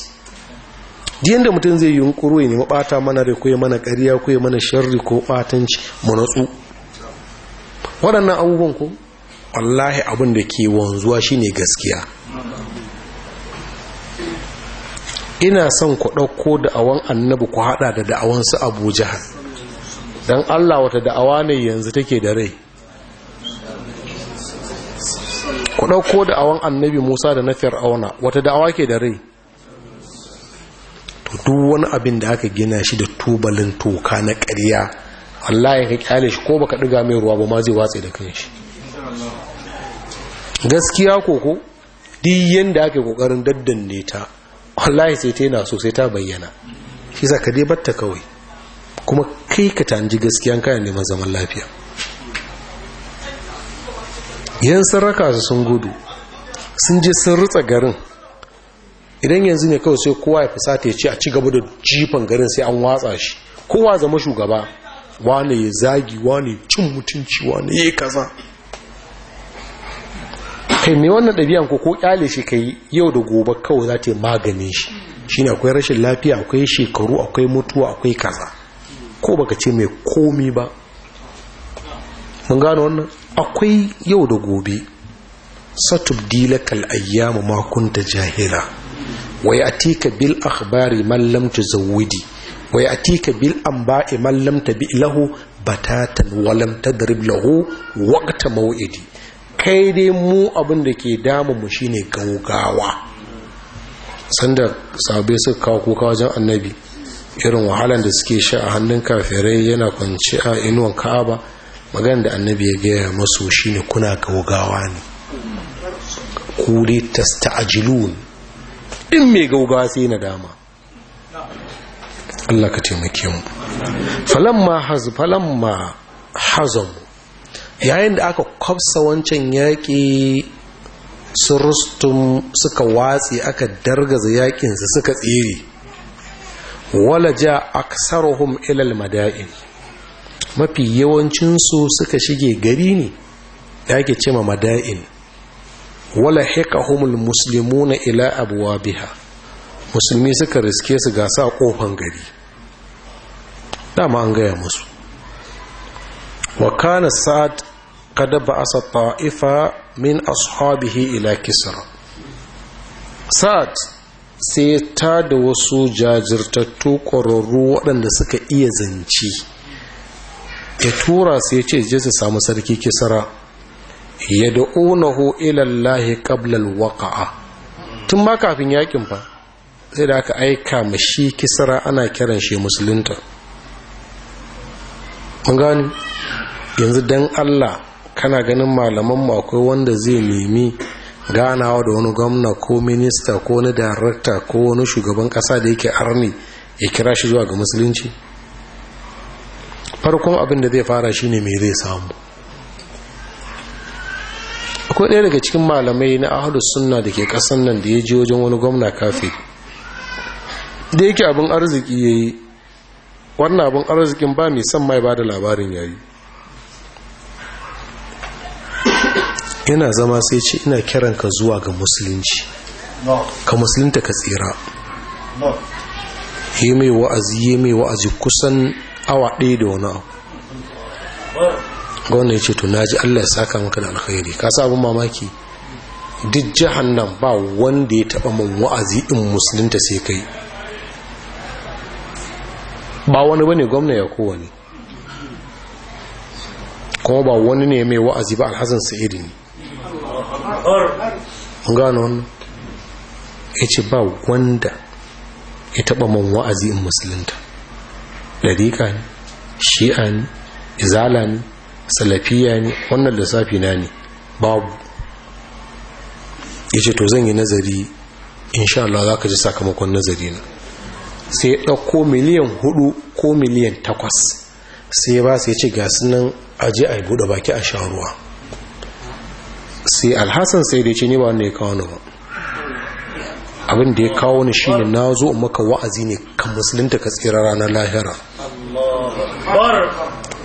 diyan da mutum zai yunkuru ya nemi bata mana rai ko mana ƙarya ko mana sharri ko batanci mu natsu waɗannan abubuwan ko wallahi abin da ke wanzuwa shine gaskiya ina son ku ɗauko da'awan annabi ku haɗa da da'awan su abu don allah wata da'awa ne yanzu take da rai ku ɗauko da'awan annabi musa da na fir'auna wata da'awa ke da rai to duk wani abin da aka gina shi da tubalin toka na ƙarya allah ya kyale shi ko baka ɗiga mai ruwa ba ma zai watse da shi. gaskiya koko duk yadda ake kokarin daddanne ta wallahi sai ta yana so sai ta bayyana shi za ka dai kawai kuma kai ka tanji gaskiya kayan neman zaman lafiya yan sarraka su sun gudu sun je sun rutsa garin idan yanzu ne kawai sai kowa ya fusata ya ce a ci gaba da jifan garin sai an watsa shi kowa zama shugaba wane ya zagi wane cin mutunci wane ya kaza kai mai wannan ɗabi'an ko ko kyale shi kai yau da gobe kawai za ta maganin shi shi ne akwai rashin lafiya akwai shekaru akwai mutuwa akwai kaza ko baka ce mai komi ba mun gano wannan akwai yau da gobe kal ayyamu ma kunta jahila wa yatika bil akhbari man lam tuzawwidi wa yatika bil anba'i man lam tabi lahu batatan wa lam tadrib lahu waqta maw'idi kai dai mu abin da ke damunmu shi ne gaugawa sanda sabai suka kawo kuka wajen annabi irin wahalar da suke sha a hannun kafirai yana kwanci a inuwan ka'aba magana da annabi ya gaya masu shi ne kuna gaugawa ne ku dai tasta'ajilun In mai gaugawa sai na dama Allah ka taimake mu falamma haz yayin da aka kwafsa wancan yaƙi su rustum suka watsi aka dargaza yaƙinsu suka tsere wala ja aksaruhum ilal mada'in mafi yawancinsu suka shige gari ne da ake ce ma mada'in wala hikahumul muslimuna ila abuwa biha musulmi suka riske su ga sa kofan gari dama an gaya musu wa kana sa'ad kada ba asa ta'ifa min ashabihi ila kisra sa'ad sai ta da wasu jajirtattu ƙwararru waɗanda suka iya zance ya tura sai ya ce je su samu sarki kisra ya da'unahu ilallahi qablal waƙa'a. tun ma kafin yakin ba, sai da aka aika ma shi kisra ana kiran shi musulunta mun yanzu dan Allah kana ganin malaman akwai wanda zai nemi ganawa da wani gwamna ko minista ko wani darakta ko wani shugaban kasa da yake arni ya kira shi zuwa ga musulunci farkon abin da zai fara shine mai zai samu akwai ɗaya daga cikin malamai na ahudu sunna da ke kasan nan da ya ji wajen wani gwamna kafe da yake abin arziki ya yi wannan abin arzikin ba mai son mai ba da labarin yayi yana zama sai ce ina kiranka zuwa ga musulunci ka musulunta ka tsira yi mai wa'azi yi mai wa'azi kusan awa ɗaya da wani abu gwamna ya ce to na ji allah ya saka maka da alkhairi ka sa abin mamaki duk nan ba wanda ya taɓa man wa'azi in musulunta sai kai ba wani ne gwamna ya kowane kuma ba wani ne mai wa'azi ba alhazan sa'idi ne an gano wannan ya ce ba wanda ya taɓa man wa'azi in musulunta ɗariƙa ne shi'a ne izala ne salafiya ne wannan lissafi na ne babu ya ce to zan yi nazari insha Allah za ka ji sakamakon nazari na sai ɗauko miliyan hudu ko miliyan takwas sai ba su ya ce ga sunan aje a yi buɗe baki a sha ruwa sai alhassan sai da ce ne ba wanda ya kawo ni ba abin da ya kawo ni shine na zo maka wa'azi ne kan musulunta ka tsira ranar lahira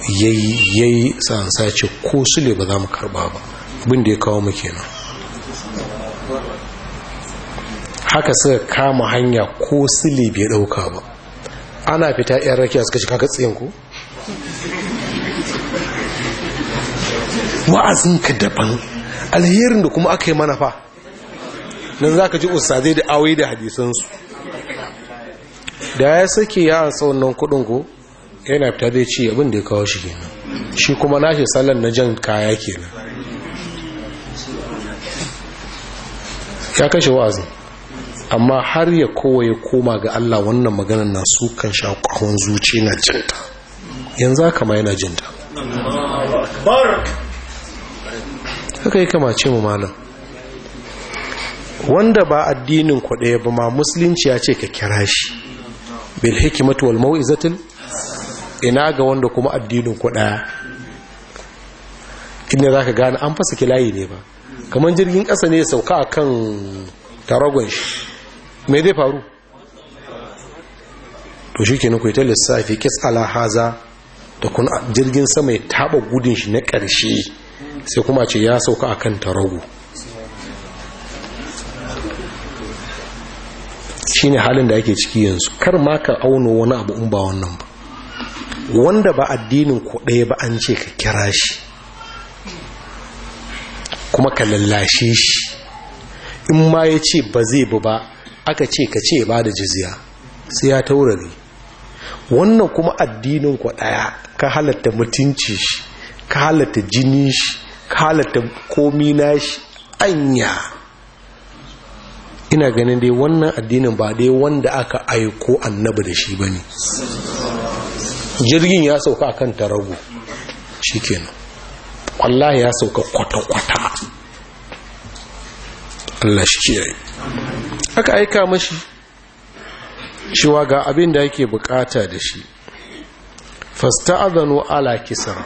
yayi yayi sansa ce ko sule ba za mu karba ba abin da ya kawo mu kenan haka suka kama hanya ko sule bai dauka ba ana fita yan rakiya suka ci kaka tsayin ku ka daban alherin da kuma aka yi mana fa nan za ka ji ustazai da awai da hadisansu da ya sake ya tsawon nan kudin ko yana fita zai ci abin da ya kawo shi kenan shi kuma shi tsallon na jan kaya kenan ya kashe wa'azin amma har ya kowai koma ga Allah wannan maganar na su kan sha kwan zuci na jinta yanzu kama yana jinta haka yi kamace mu malam wanda ba addinin ku ba ma musulunci ya ce ka kira shi bil hikimatu wal mau'izatin ina ga wanda kuma addinin ku ɗaya inda zaka gane an fasa kilayi ne ba kamar jirgin ƙasa ne sauka akan taragon shi me zai faru to shi ke nukwai ta lissafi kis ala haza da kun jirgin sama ya taɓa gudun shi na ƙarshe sai kuma ce ya sauka akan tarago shine halin da ake ciki yanzu kar ma ka auno wani abu in ba wannan ba wanda ba addinin ku ɗaya ba an ce ka kira shi kuma ka lallashe shi in ma ya ce ba zai bu ba aka ce ka ce ba da jiziya sai ya taurari wannan kuma addinin ku ɗaya ka halatta mutunci shi ka halatta jini shi halatta komi na shi anya ina ganin dai wannan addinin ba dai wanda aka aiko annabi da shi ba ne jirgin ya sauka kan tarago shi kenan wallahi ya sauka kwata-kwata Allah shi kiyaye aka aika mashi shiwa ga abin da yake bukata da shi fasta'adhanu ala kisra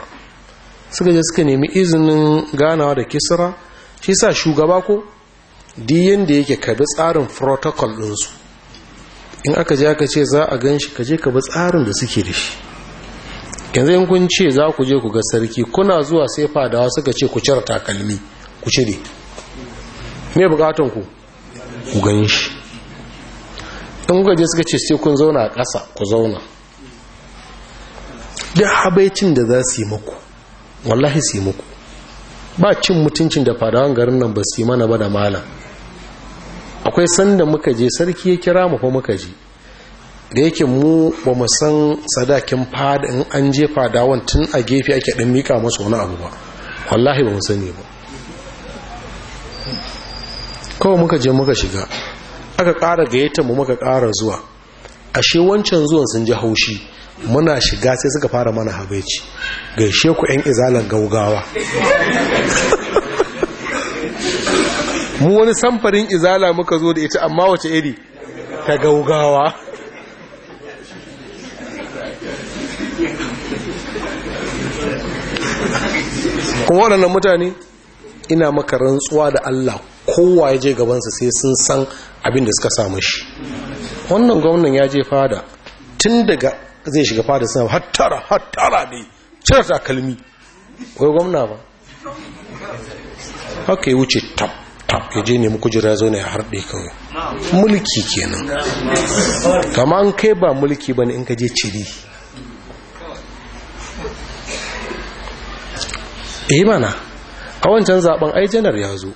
suka je suka nemi izinin ganawa da kisra shi sa shugaba ko diyan da yake kabi tsarin protocol ɗinsu in aka je aka ce za a gan shi ka ka tsarin da suke da shi yanzu in kun ce za ku je ku ga sarki kuna zuwa sai fadawa suka ce ku cire takalmi ku cire me bukatan ku ku gan shi in kuka je suka ce sai kun zauna a ƙasa ku zauna duk habaicin da za su yi muku wallahi si muku ba cin mutuncin da fadawan garin nan ba su mana ba da malam akwai sanda muka je sarki ya kira mu fa muka je da yake mu ba mu san sadakin fada in an je fadawan tun a gefe ake dan mika masu wani abu ba wallahi ba mu sani ba kawai muka je muka shiga aka ƙara gayyata mu muka ƙara zuwa ashe wancan zuwan sun ji haushi muna shiga sai suka fara mana habaici gaishe ku 'yan izalan gaugawa <laughs> mu wani samfarin izala muka zo da ita amma wace iri ta gaugawa kuma waɗannan mutane ina maka rantsuwa da Allah kowa ya je gabansa sai sun san abin da suka samu shi wannan gwamnan ya je fada tun daga zai shiga fada suna hattara hattara ne cire takalmi kai gwamna ba haka yi wuce tap tap ya je nemi kujera zo ne a harɗe kawai mulki kenan kama an kai ba mulki ba ne in ka je ciri eh mana a wancan zaben ai janar ya zo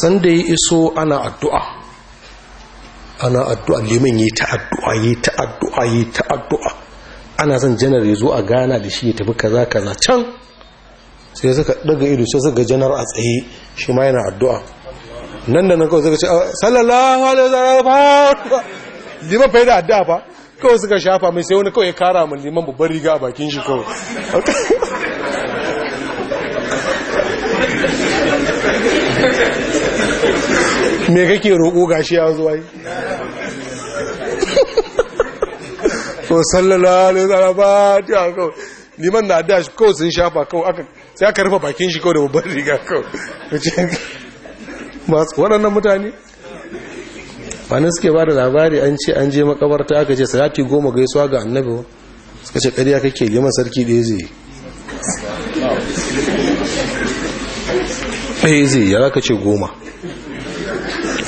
sanda ya iso ana addu'a ana addu'a liman yi ta addu'a yi ta addu'a yi ta addu'a ana son janar ya zo a gana da shi ya tafi kaza kaza can sai suka daga ido sai suka janar a tsaye shi ma yana addu'a nan da nan kawai suka ce ah, sallallahu alaihi wasallam liman bai da addu'a ba kawai suka shafa mai sai wani kawai ya kara min liman babban riga a bakin shi kawai <laughs> me kake roƙo gashi ya zo ai so sallallahu alaihi wasallam ba liman na da shi kawai sun shafa kawai aka sai aka rufe bakin shi kawai da babban riga kawai masu waɗannan mutane wani suke ba da labari an ce an je makabarta aka ce sarati goma gaisuwa ga annabi suka ce ƙarya kake liman sarki ɗaya zai ɗaya zai ya raka ce goma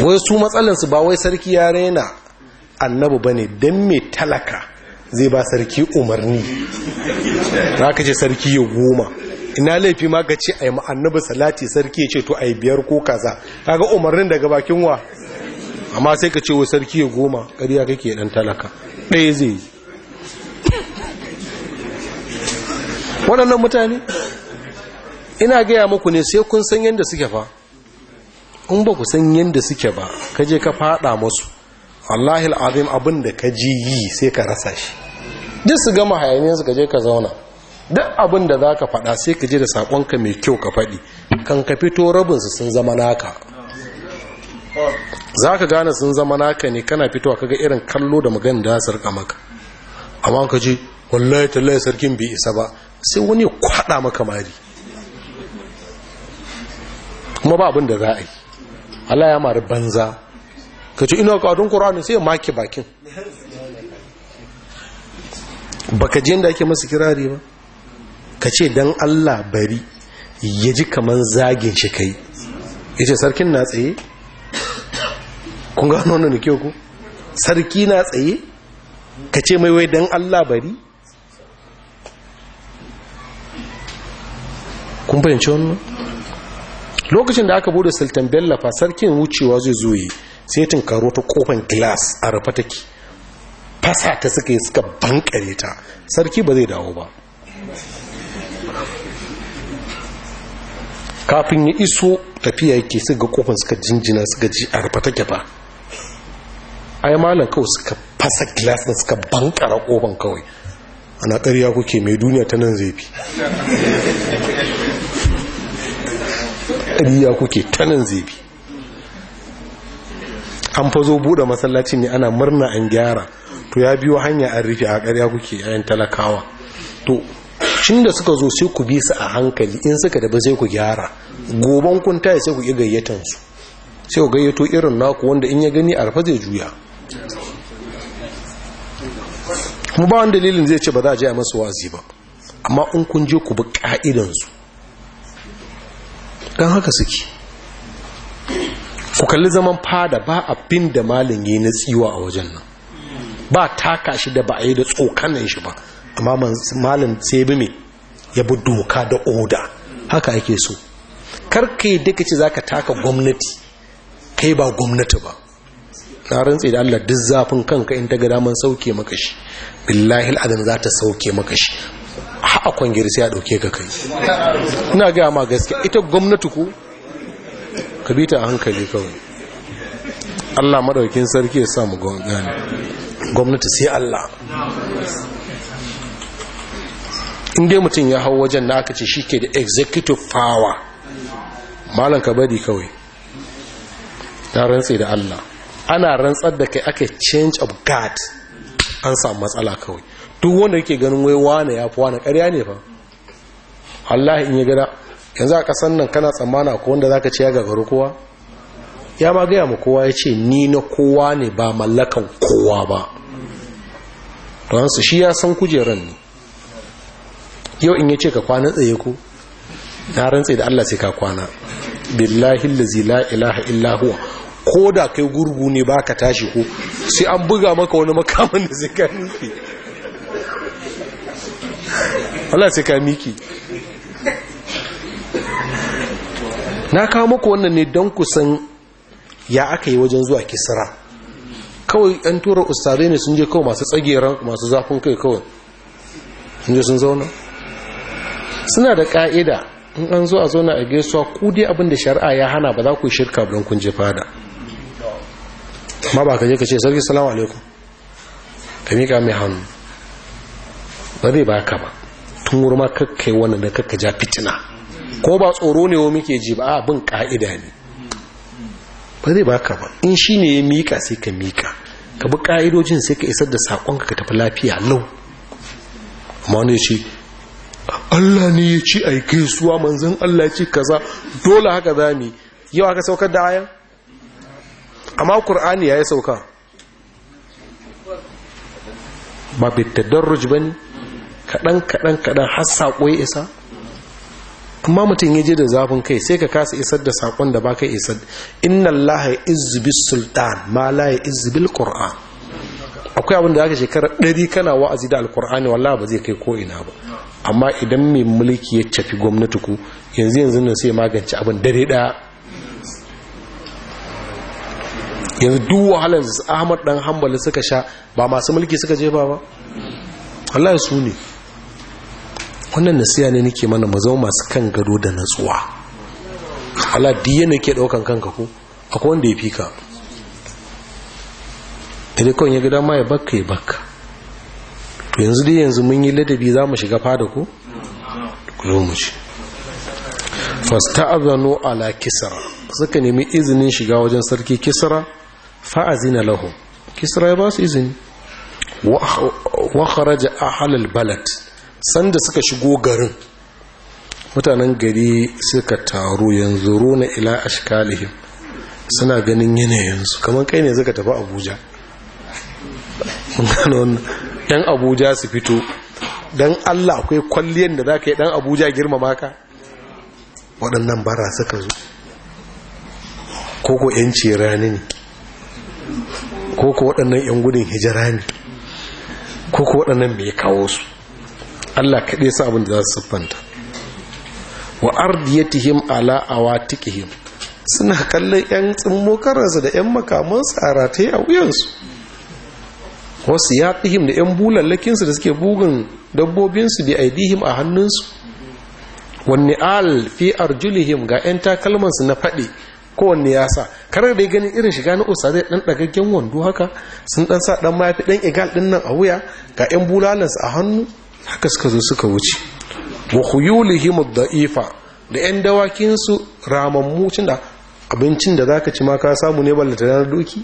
wai su matsalinsu ba wai sarki ya rena annabi ba ne don mai talaka zai ba sarki umarni za ka ce sarki ya goma ina laifi ma ka ce a yi ma'annaba salati sarki ya ce to a biyar ko kaza ga umarnin daga bakin wa amma sai ka ce wa sarki ya goma ƙarya kake ɗan talaka ɗaya zai yi waɗannan mutane ina gaya maku ne sai kun san yadda suke fa in ba ku san yadda suke ba ka je ka faɗa masu allahil azim abin da ka ji yi sai ka rasa shi duk su gama hayaniyar su je ka zauna duk abin da za ka faɗa sai ka je da saƙonka mai kyau ka faɗi kan ka fito rabinsu sun zama naka za ka gane sun zama naka ne kana fito fitowa kaga irin kallo da magana da su sarƙa maka amma ka ji wallahi tallahi sarkin bai isa ba sai wani kwaɗa maka mari kuma ba abin da za a yi Allah ya mari banza ka ce ina ƙadun ƙorani sai ya maki bakin baka ji yadda ake masu kirari ba ka ce don allah bari ya ji kamar zagin shi kai ya ce sarkin na tsaye kun gano wannan kyau ku sarki na tsaye ka ce mai wai don allah bari kun fahimci wannan lokacin da aka bude sultan bello fa sarkin wucewa zai zoye sai tunkaro ta kofan glass a rufe take fasa ta suka yi suka bankare ta sarki ba zai dawo ba kafin ya iso tafiya yake su ga kofin suka jinjina suka ji a rufe take ba ai malam kawai suka fasa glass da suka bankara kofin kawai ana ƙarya kuke mai duniya ta nan zai fi ƙarya kuke ta nan zai fi an fa zo buɗe masallaci ne ana murna an gyara to ya biyo hanya an rufe a ƙarya kuke yayin talakawa to shin da suka zo sai ku bi su a hankali in suka da ba sai ku gyara goban kun taya sai ku yi gayyatan su sai ku gayyato irin naku wanda in ya gani arfa zai juya kuma ba wani dalilin zai ce ba za a je masu wazi ba amma in kun je ku bi ka'idansu don haka suke ku kalli zaman fada ba abin da malin yi na tsiwa a wajen nan ba taka shi da ba a yi da tsokanin shi ba amma malin tsebi mai ya bi doka da oda haka ake so karka yi duka ce za ka taka gwamnati kai ba gwamnati ba na rantsi da Allah duk zafin kanka in ta ga daman sauke maka shi billahi Al'adun za ta sauke maka shi ha'a kwangiri sai a ɗauke ka kai ina gaya ma gaske ita gwamnati ku? ka bi ta a hankali kawai Allah maɗaukin sarki ya samu gani gwamnati sai Allah inda mutum ya hau wajen na aka ce shi ke da executive power malon ka bari kawai ta rantse da Allah ana rantsar da kai aka change of guard an samu matsala kawai duk wanda yake ganin wai wane ya fi wane karya ne fa Allah in ya gada yanzu a ƙasan nan kana tsammana ko wanda za ka ce ya gagaru kowa ya ma gaya ma kowa ya ce ni na kowa ne ba mallakan kowa ba ransu shi ya san kujeran ne yau in ya ce ka kwana tsaye ku na rantse da Allah sai ka kwana billahi lazi la ilaha illa ko da kai gurgu ne ba ka tashi ko sai an buga maka wani makaman da sai ka Allah sai ka miki na kawo maka wannan ne don kusan ya aka yi wajen zuwa kisra kawai yan tura ustazai ne sun je kawai masu tsagera masu zafin kai kawai sun je sun zauna suna da ka'ida in an zo a zauna a gaisuwa ku dai abin da shari'a ya hana ba za ku shirka don kun je fada ma ba ka je ka ce sarki salamu alaikum ka miƙa mai hannu ba zai ba ka ba tun wuri ma kakkai wannan da kakka ja fitina ko ba tsoro ne wa muke ji ba abin ka'ida ne ba zai baka ba in shi ne ya miƙa sai ka miƙa ka bi ƙa'idojin sai ka isar da saƙonka ka tafi lafiya lau amma wani ce Allah ne ya ci a yi gaisuwa manzan Allah ci kaza dole haka za mu yau aka saukar da ayan amma ƙur'ani ya yi sauka ba bittaddar don ba kaɗan kaɗan kaɗan har saƙo ya isa amma mutum ya je da zafin kai sai ka kasa isar da sakon da baka isar inna allaha ya sultan ma la ya akwai abin da zaka shekara ɗari kana wa'azi da alqur'ani wallahi ba zai kai ko'ina ba amma idan mai mulki ya tafi gwamnati ku yanzu yanzu nan sai magance abin dare ɗaya yanzu duk wahalar Ahmad dan Hambali suka sha ba masu mulki suka je ba ba wallahi wannan nasiya ne nake mana mu zama masu kan gado da natsuwa Allah duk yana ke daukan kanka ko akwai wanda ya fika idan kawai ya gida ma ya bakka ya bakka to yanzu dai yanzu mun yi ladabi za mu shiga fada ko ku zo mu ci fasta'azanu ala kisra suka nemi izinin shiga wajen sarki kisra fa'azina lahu kisra ya ba su izini wa kharaja halal balad sanda suka shigo garin mutanen gari suka taru yanzu runa ila ashkalihim suna ganin yanayinsu kamar kai ne suka tafi abuja yan abuja su fito don allah akwai kwalliyar da za ka yi dan abuja girmama ka waɗannan bara suka zo koko yanci rani ne koko waɗannan yan gudun hijira ne koko waɗannan mai kawo su Allah kaɗai sa abin da za su siffanta wa ardiyatihim ala awatikihim suna kallon yan tsimmokararsa da yan makamansu a rataye a wuyansu wasu ya ɗihim da yan bulallakinsu da suke bugun dabbobinsu bi aidihim a hannunsu wani al fi arjulihim ga yan takalmansu na faɗi kowanne ya sa karar da ya ganin irin shiga na osa zai ɗan ɗagaggen wando haka sun ɗan sa ɗan mafi ɗan igal ɗin nan a wuya ga yan bulalansu a hannu haka suka zo suka wuce wa khuyulihim ad-da'ifa da yan dawakinsu su ramammu da abincin da zaka ci ma ka samu ne ballata na doki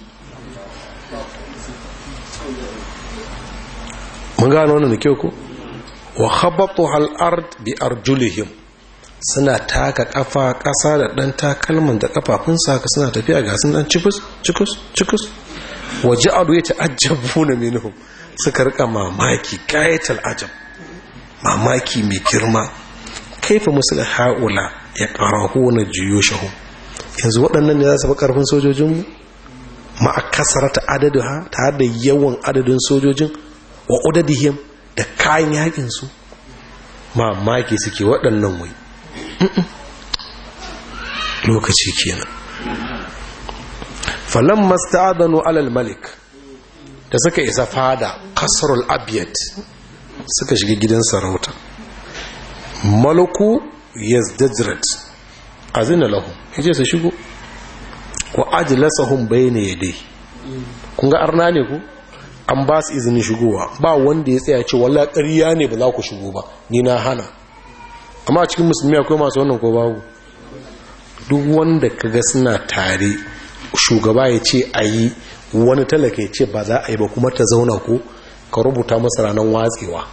mun gano wannan da kyau ko wa khabatu al-ard bi arjulihim suna taka kafa kasa da dan takalman da ƙafafunsa haka suna tafiya ga sun dan cikus cikus cikus ta ajabu yata'ajjabuna minhum suka rika mamaki kayatal ajab mamaki mai girma kaifa musul haula ya karahu na juyo shahu yanzu waɗannan ne za su fi ƙarfin sojojinmu ma'a kasara ta adadu ha ta da yawan adadin sojojin wa udadihim da kayan yakin su? mamaki suke waɗannan wai lokaci kenan falon masta'adanu alal malik da suka isa fada kasarul abiyat suka shiga gidan sarauta Maluku malaku yazdajrat azina ya ce su shigo hun ajlasahum ya dai. kun ga arna ne ku an ba su izinin shigowa ba wanda ya tsaya ce walla ƙarya ne ba za ku shigo ba ni na hana amma cikin musulmi akwai masu wannan ko babu duk wanda ka ga suna tare shugaba ya ce a yi wani talaka ya ce ba za a yi ba kuma ta zauna ko ka rubuta masa ranar watsewa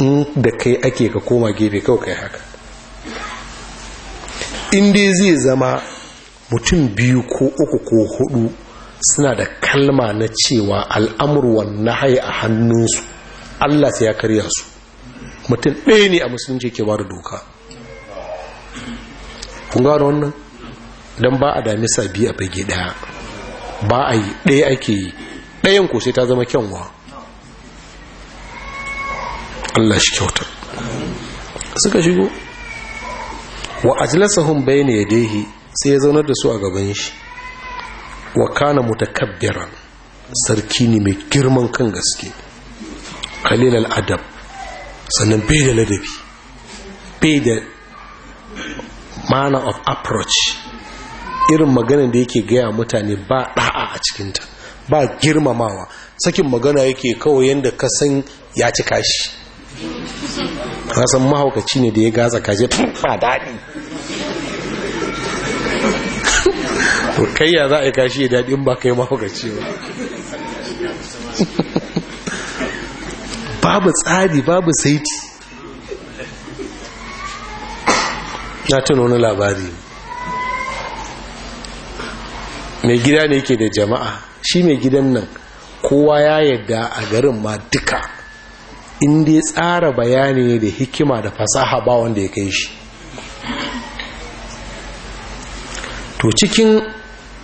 in da kai ake ka koma gefe kawai kai haka in dai zai zama mutum biyu ko uku ko hudu suna da kalma na cewa al'amurwan na haya a hannunsu allah sai ya karya su mutum ɗaya ne a musulunci ke ba da doka kun gano wannan don ba a dami sabi a bage ɗaya ba a yi ɗaya ake yi ɗayan ko sai ta zama kyanwa Allah shi kyauta suka shigo wa ajlasahum bayna yadayhi sai ya zaunar da su a gaban shi wa kana mutakabbiran sarki ne mai girman kan gaske kalilal adab sannan bai da ladabi bai da manner of approach irin magana da yake gaya mutane ba da'a a cikinta ba girmamawa sakin magana yake kawai yadda ka san ya cika shi kasan mahaukaci ne da ya gaza kaje fa daɗi to kai ya za a yi kashi ya daɗi in ba kai mahaukaci ba babu tsari babu saiti na tuna wani labari mai gida ne ke da jama'a shi mai gidan nan kowa ya yadda a garin ma duka in dai tsara bayani ne da hikima da fasaha ba wanda ya kai shi to cikin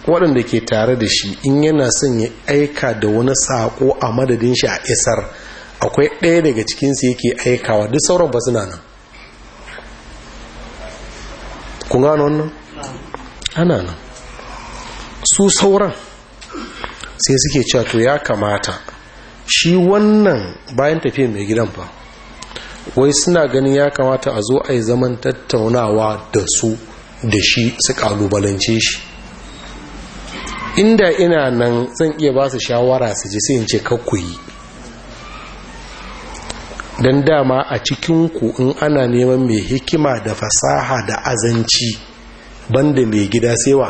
waɗanda ke tare da shi in yana son ya aika da wani saƙo a madadin shi a isar akwai ɗaya daga cikinsu yake aikawa duk sauran ba suna nan kun gano wannan ana nan su sauran sai suke cewa to ya kamata shi wannan bayan tafiya mai gidan fa wai suna ganin ya kamata a zo a yi zaman tattaunawa da su da shi su kalubalance shi inda ina nan zan iya ba su shawara su ji sai in ce yi?' don dama a cikinku in ana neman mai hikima da fasaha da azanci banda mai gida sewa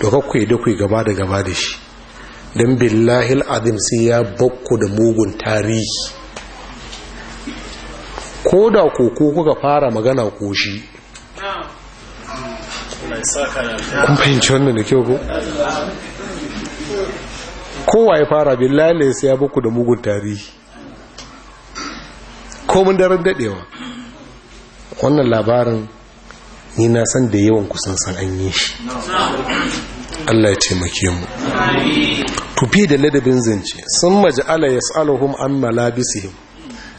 to kakkuyi da ku gaba da gaba da shi don billahil azim sai ya bakku da mugun tarihi ko da koko kuka fara magana ko shi kun fahimci wannan da kyau ko kowa ya fara billahil sai ya bakku da mugun tarihi komin daren dadewa wannan labarin ni na san da yawan kusan san an yi shi Allah ya taimake mu tufi da ladabin zance sun ala ya tsalohun an malabisihim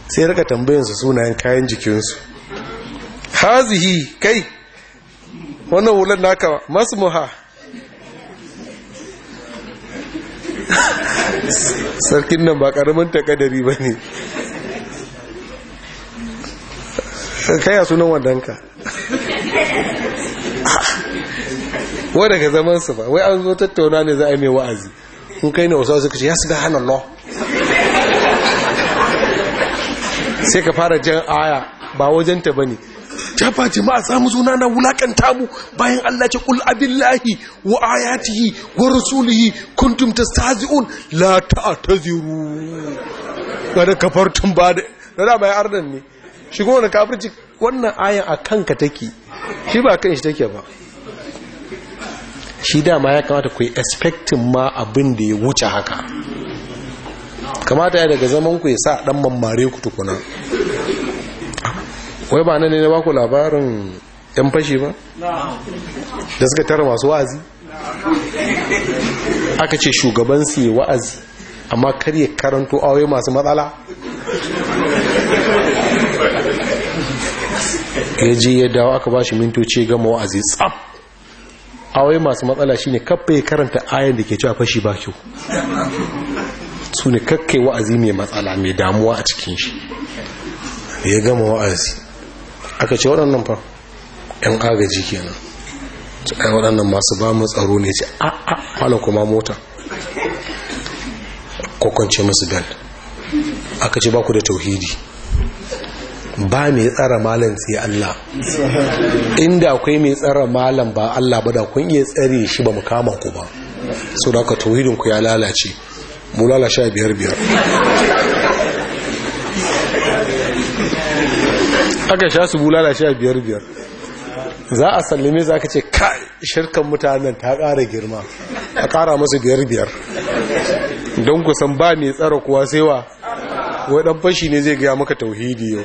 sai rika su sunayen kayan jikinsu hazihi kai wannan wulan naka masmuha sarkin nan ba karamin takadari ba ne kaya sunan wadanka wadda ka zamansu ba wai an zo tattauna ne za a yi mai wa'azi in kai ne wasu suka ce ya su da hannun sai ka fara jan aya ba wajenta ba ne jafa jama'a samu suna na wulakanta mu bayan Allah ce kul abillahi wa ayatihi wa rasulihi kuntum tastahzi'un la ta'taziru kada kafartum ba da da bai ardan ne shi kuma wannan kafirci wannan ayan a kanka take shi ba kan shi take ba shi dama ya kamata ku yi expecting ma abin da ya wuce haka kamata ya daga zaman ku ya sa dan mammare ku tukuna wai ba nan ne na baku labarin yan fashi ba da suka tara masu wa'azi aka ce shugaban su yi wa'azi amma kar ya karanto awaye masu matsala ya je ya dawo aka ba shi mintoci gama wa'azi tsab awai masu matsala shine kafa ya karanta ayan da ke cewa fashi ba kyau su ne kakkai wa'azi mai matsala mai damuwa a cikin shi ya gama wa'azi aka ce waɗannan fa ‘yan agaji kenan su ɗaya waɗannan masu ba mu tsaro ne ce a a hana kuma mota kwakwance masu bel aka ce ba ku da tauhidi ba mai tsara malam sai Allah inda akwai mai tsara malam ba Allah ba da kun iya tsare shi ba mu kama ku ba sau da aka tauhidin ku ya lalace mu lalace biyar biyar aka sha su bulala sha biyar biyar za a sallame za ka ce kai shirkan mutanen ta ƙara girma a ƙara masu biyar biyar don kusan ba mai tsara kuwa sai wa waɗan fashi ne zai gaya maka tauhidi yau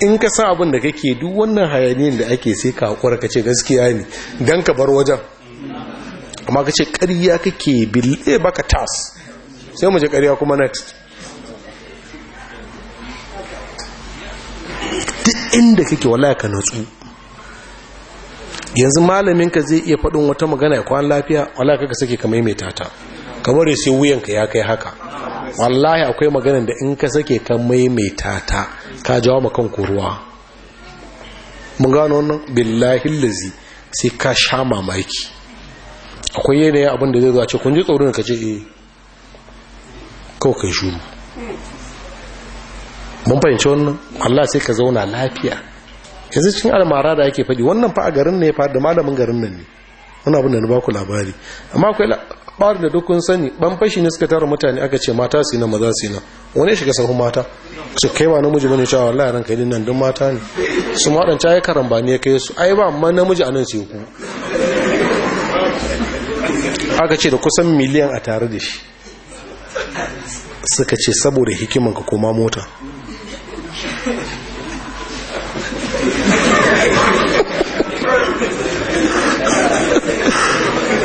in ka sa abin da kake duk wannan hayaniyar da ake sai ka haƙura ka ce gaskiya ne don ka bar wajen amma ka ce ƙarya kake bille baka tas sai mu je kariya kuma next duk inda kake wala ka natsu yanzu malaminka zai iya faɗin wata magana ya kwan lafiya wala ka sake ka maimaita ta kamar sai wuyanka ya kai haka wallahi akwai maganar da in ka sake ka maimaita ta ka jawo makan ruwa mun gano wannan billahi lazi sai ka sha mamaki akwai yanayin abin da zai zuwa ce kun ji tsoron ka ce eh kawai kai shuru mun fahimci wannan Allah sai ka zauna lafiya yanzu cikin almara da ake faɗi wannan fa a garin ne fa da malamin garin nan ne wannan abin da na baku labari amma akwai bar da dukun sani ban fashi ne suka tara mutane aka ce mata su na maza su na wani shiga sahun mata su kai ba namiji bane cewa wallahi ranka idin nan duk mata ne su ma dan cayi karamba ne kai su ai ba amma namiji anan ce ku aka ce da kusan miliyan a tare da shi suka ce saboda hikimanka koma mota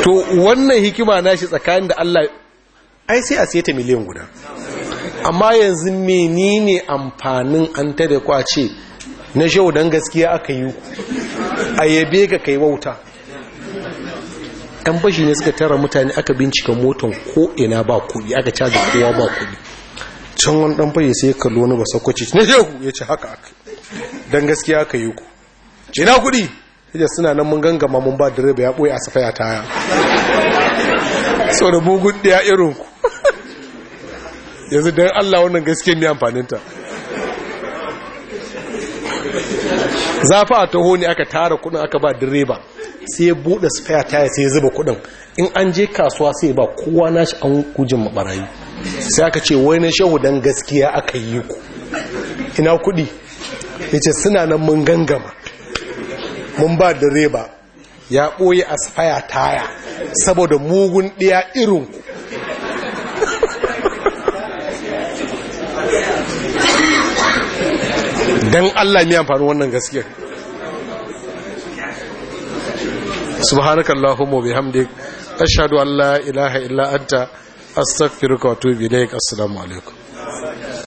to wannan hikima nashi tsakanin da Allah ai sai a ta miliyan guda amma yanzu menene amfanin an ta da kwace na shau don gaskiya aka yi a yabe ga kai wauta ɗan bashi ne suka tara mutane aka bincika motan ko ina ba kuɗi aka caji kowa ba kuɗi can wani ɗan bashi sai kallo na ba sakwace na shehu ya ci haka aka don gaskiya aka yi ku ce kuɗi yace suna nan mun gangama mun ba direba ya boye a safaya taya da bugun ɗaya irin ku yanzu don Allah wannan gaske mai amfaninta zafa a taho ne aka tara kudin aka ba direba sai ya buɗe spare tire sai ya zuba kudin in an je kasuwa sai ba kowa nashi an kujin mabarayi sai aka ce wai na shehu don gaskiya aka yi ku ina kudi ya ce suna nan mun gangama mun ba direba ya ɓoye a spaya taya saboda mugun ɗiya ku. don Allah ne amfani wannan gaske. gaskiyar subhanakallahumma bihamdik ashhadu an la ilaha illa anta astaghfiruka wa atubu ilaik assalamu alaikum